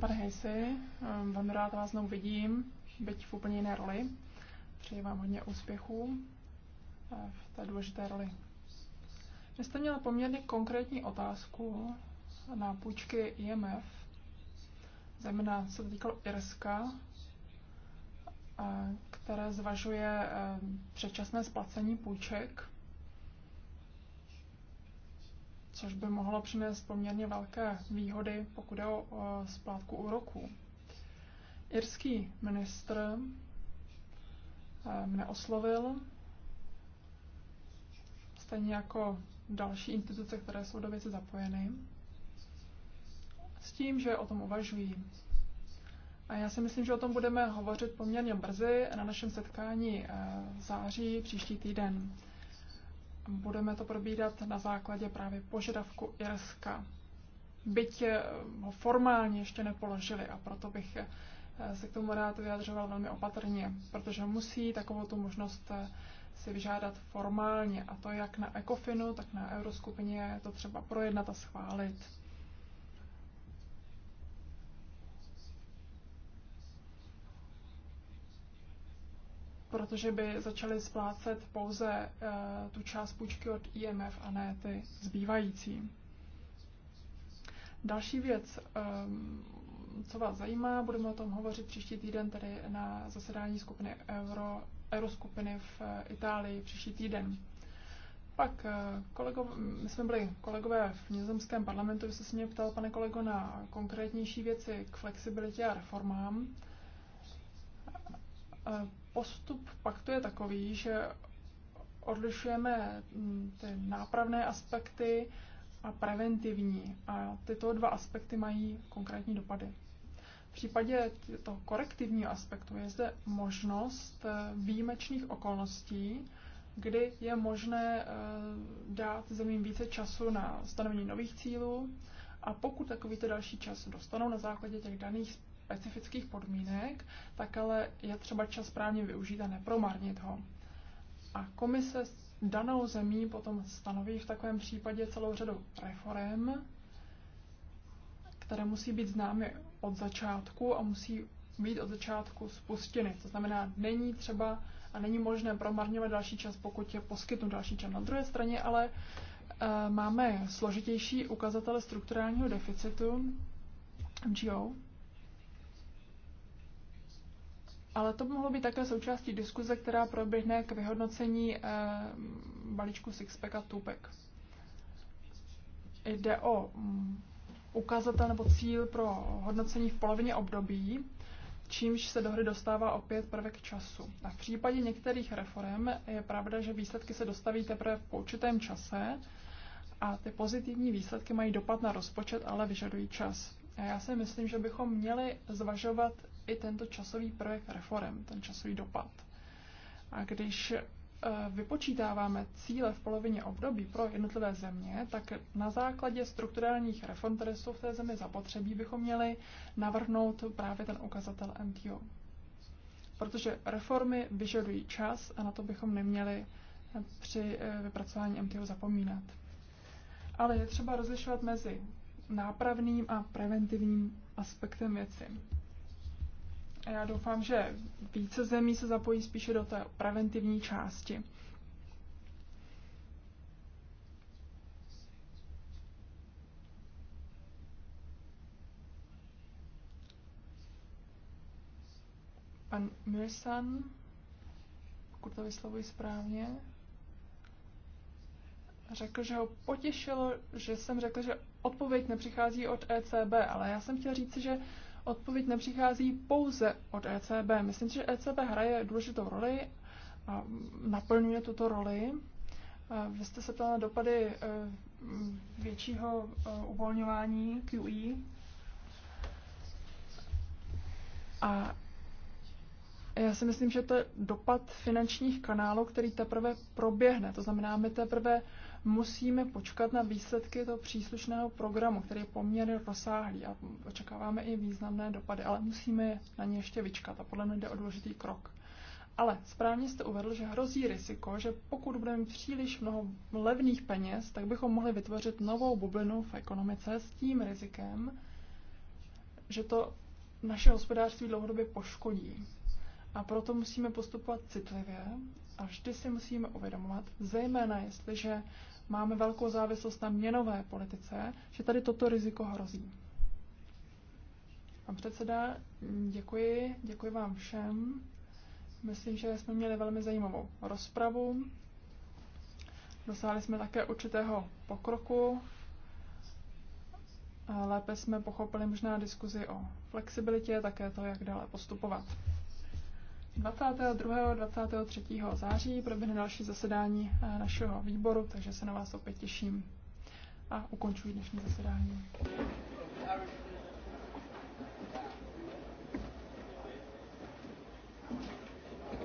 Pane Hejsi, velmi rád vás znovu vidím byť v úplně jiné roli. Přeji vám hodně úspěchů eh, v té důležité roli. Vy jste měla poměrně konkrétní otázku na půjčky IMF, zejména se to týkalo Irska, eh, které zvažuje eh, předčasné splacení půjček, což by mohlo přinést poměrně velké výhody, pokud je o splátku úroků. Irský ministr eh, mne oslovil, stejně jako další instituce, které jsou do věci zapojeny, s tím, že o tom uvažují. A já si myslím, že o tom budeme hovořit poměrně brzy na našem setkání eh, v září příští týden. Budeme to probídat na základě právě požadavku Irska. Byť eh, ho formálně ještě nepoložili a proto bych se k tomu rád vyjadřoval velmi opatrně, protože musí takovou tu možnost eh, si vyžádat formálně, a to jak na ECOFINu, tak na Euroskupině je to třeba projednat a schválit. protože by začaly splácet pouze e, tu část půjčky od IMF a ne ty zbývající. Další věc, ehm, co vás zajímá. Budeme o tom hovořit příští týden tady na zasedání skupiny Euro, Euroskupiny v eh, Itálii příští týden. Pak eh, kolego, my jsme byli kolegové v nizozemském parlamentu, vy jste se mě ptal, pane kolego, na konkrétnější věci k flexibilitě a reformám. Eh, postup pak to je takový, že odlišujeme hm, ty nápravné aspekty a preventivní. A tyto dva aspekty mají konkrétní dopady. V případě toho korektivního aspektu je zde možnost eh, výjimečných okolností, kdy je možné eh, dát zemím více času na stanovení nových cílů a pokud takovýto další čas dostanou na základě těch daných specifických podmínek, tak ale je třeba čas správně využít a nepromarnit ho. A komise danou zemí potom stanoví v takovém případě celou řadu reform, které musí být známy od začátku a musí být od začátku spuštěny. To znamená, není třeba a není možné promarňovat další čas, pokud je poskytnu další čas. Na druhé straně ale e, máme složitější ukazatele strukturálního deficitu MGO, ale to by mohlo být také součástí diskuze, která proběhne k vyhodnocení e, balíčku Sixpack a Tupek. Jde o mm, ukazatel nebo cíl pro hodnocení v polovině období, čímž se do hry dostává opět prvek času. A v případě některých reform je pravda, že výsledky se dostaví teprve po určitém čase a ty pozitivní výsledky mají dopad na rozpočet, ale vyžadují čas. A já si myslím, že bychom měli zvažovat i tento časový prvek reform, ten časový dopad. A když Eh, vypočítáváme cíle v polovině období pro jednotlivé země, tak na základě strukturálních reform, které jsou v té zemi zapotřebí, bychom měli navrhnout právě ten ukazatel MTO. Protože reformy vyžadují čas a na to bychom neměli eh, při eh, vypracování MTO zapomínat. Ale je třeba rozlišovat mezi nápravným a preventivním aspektem věci. Já doufám, že více zemí se zapojí spíše do té preventivní části. Pan Mirsan, pokud to vyslovuji správně, řekl, že ho potěšilo, že jsem řekl, že odpověď nepřichází od ECB, ale já jsem chtěl říct, že odpověď nepřichází pouze od ECB. Myslím si, že ECB hraje důležitou roli a naplňuje tuto roli. Eh, vy jste se ptala na dopady eh, většího eh, uvolňování QE. A já si myslím, že to je dopad finančních kanálů, který teprve proběhne. To znamená, my teprve musíme počkat na výsledky toho příslušného programu, který je poměrně rozsáhlý a očekáváme i významné dopady, ale musíme na ně ještě vyčkat a podle mě jde o důležitý krok. Ale správně jste uvedl, že hrozí riziko, že pokud budeme příliš mnoho levných peněz, tak bychom mohli vytvořit novou bublinu v ekonomice s tím rizikem, že to naše hospodářství dlouhodobě poškodí. A proto musíme postupovat citlivě a vždy si musíme uvědomovat, zejména jestliže máme velkou závislost na měnové politice, že tady toto riziko hrozí. Pan předseda, děkuji, děkuji vám všem. Myslím, že jsme měli velmi zajímavou rozpravu. Dosáhli jsme také určitého pokroku. Lépe jsme pochopili možná diskuzi o flexibilitě, také to, jak dále postupovat. 22. 23. září proběhne další zasedání eh, našeho výboru, takže se na vás opět těším a ukončuji dnešní zasedání.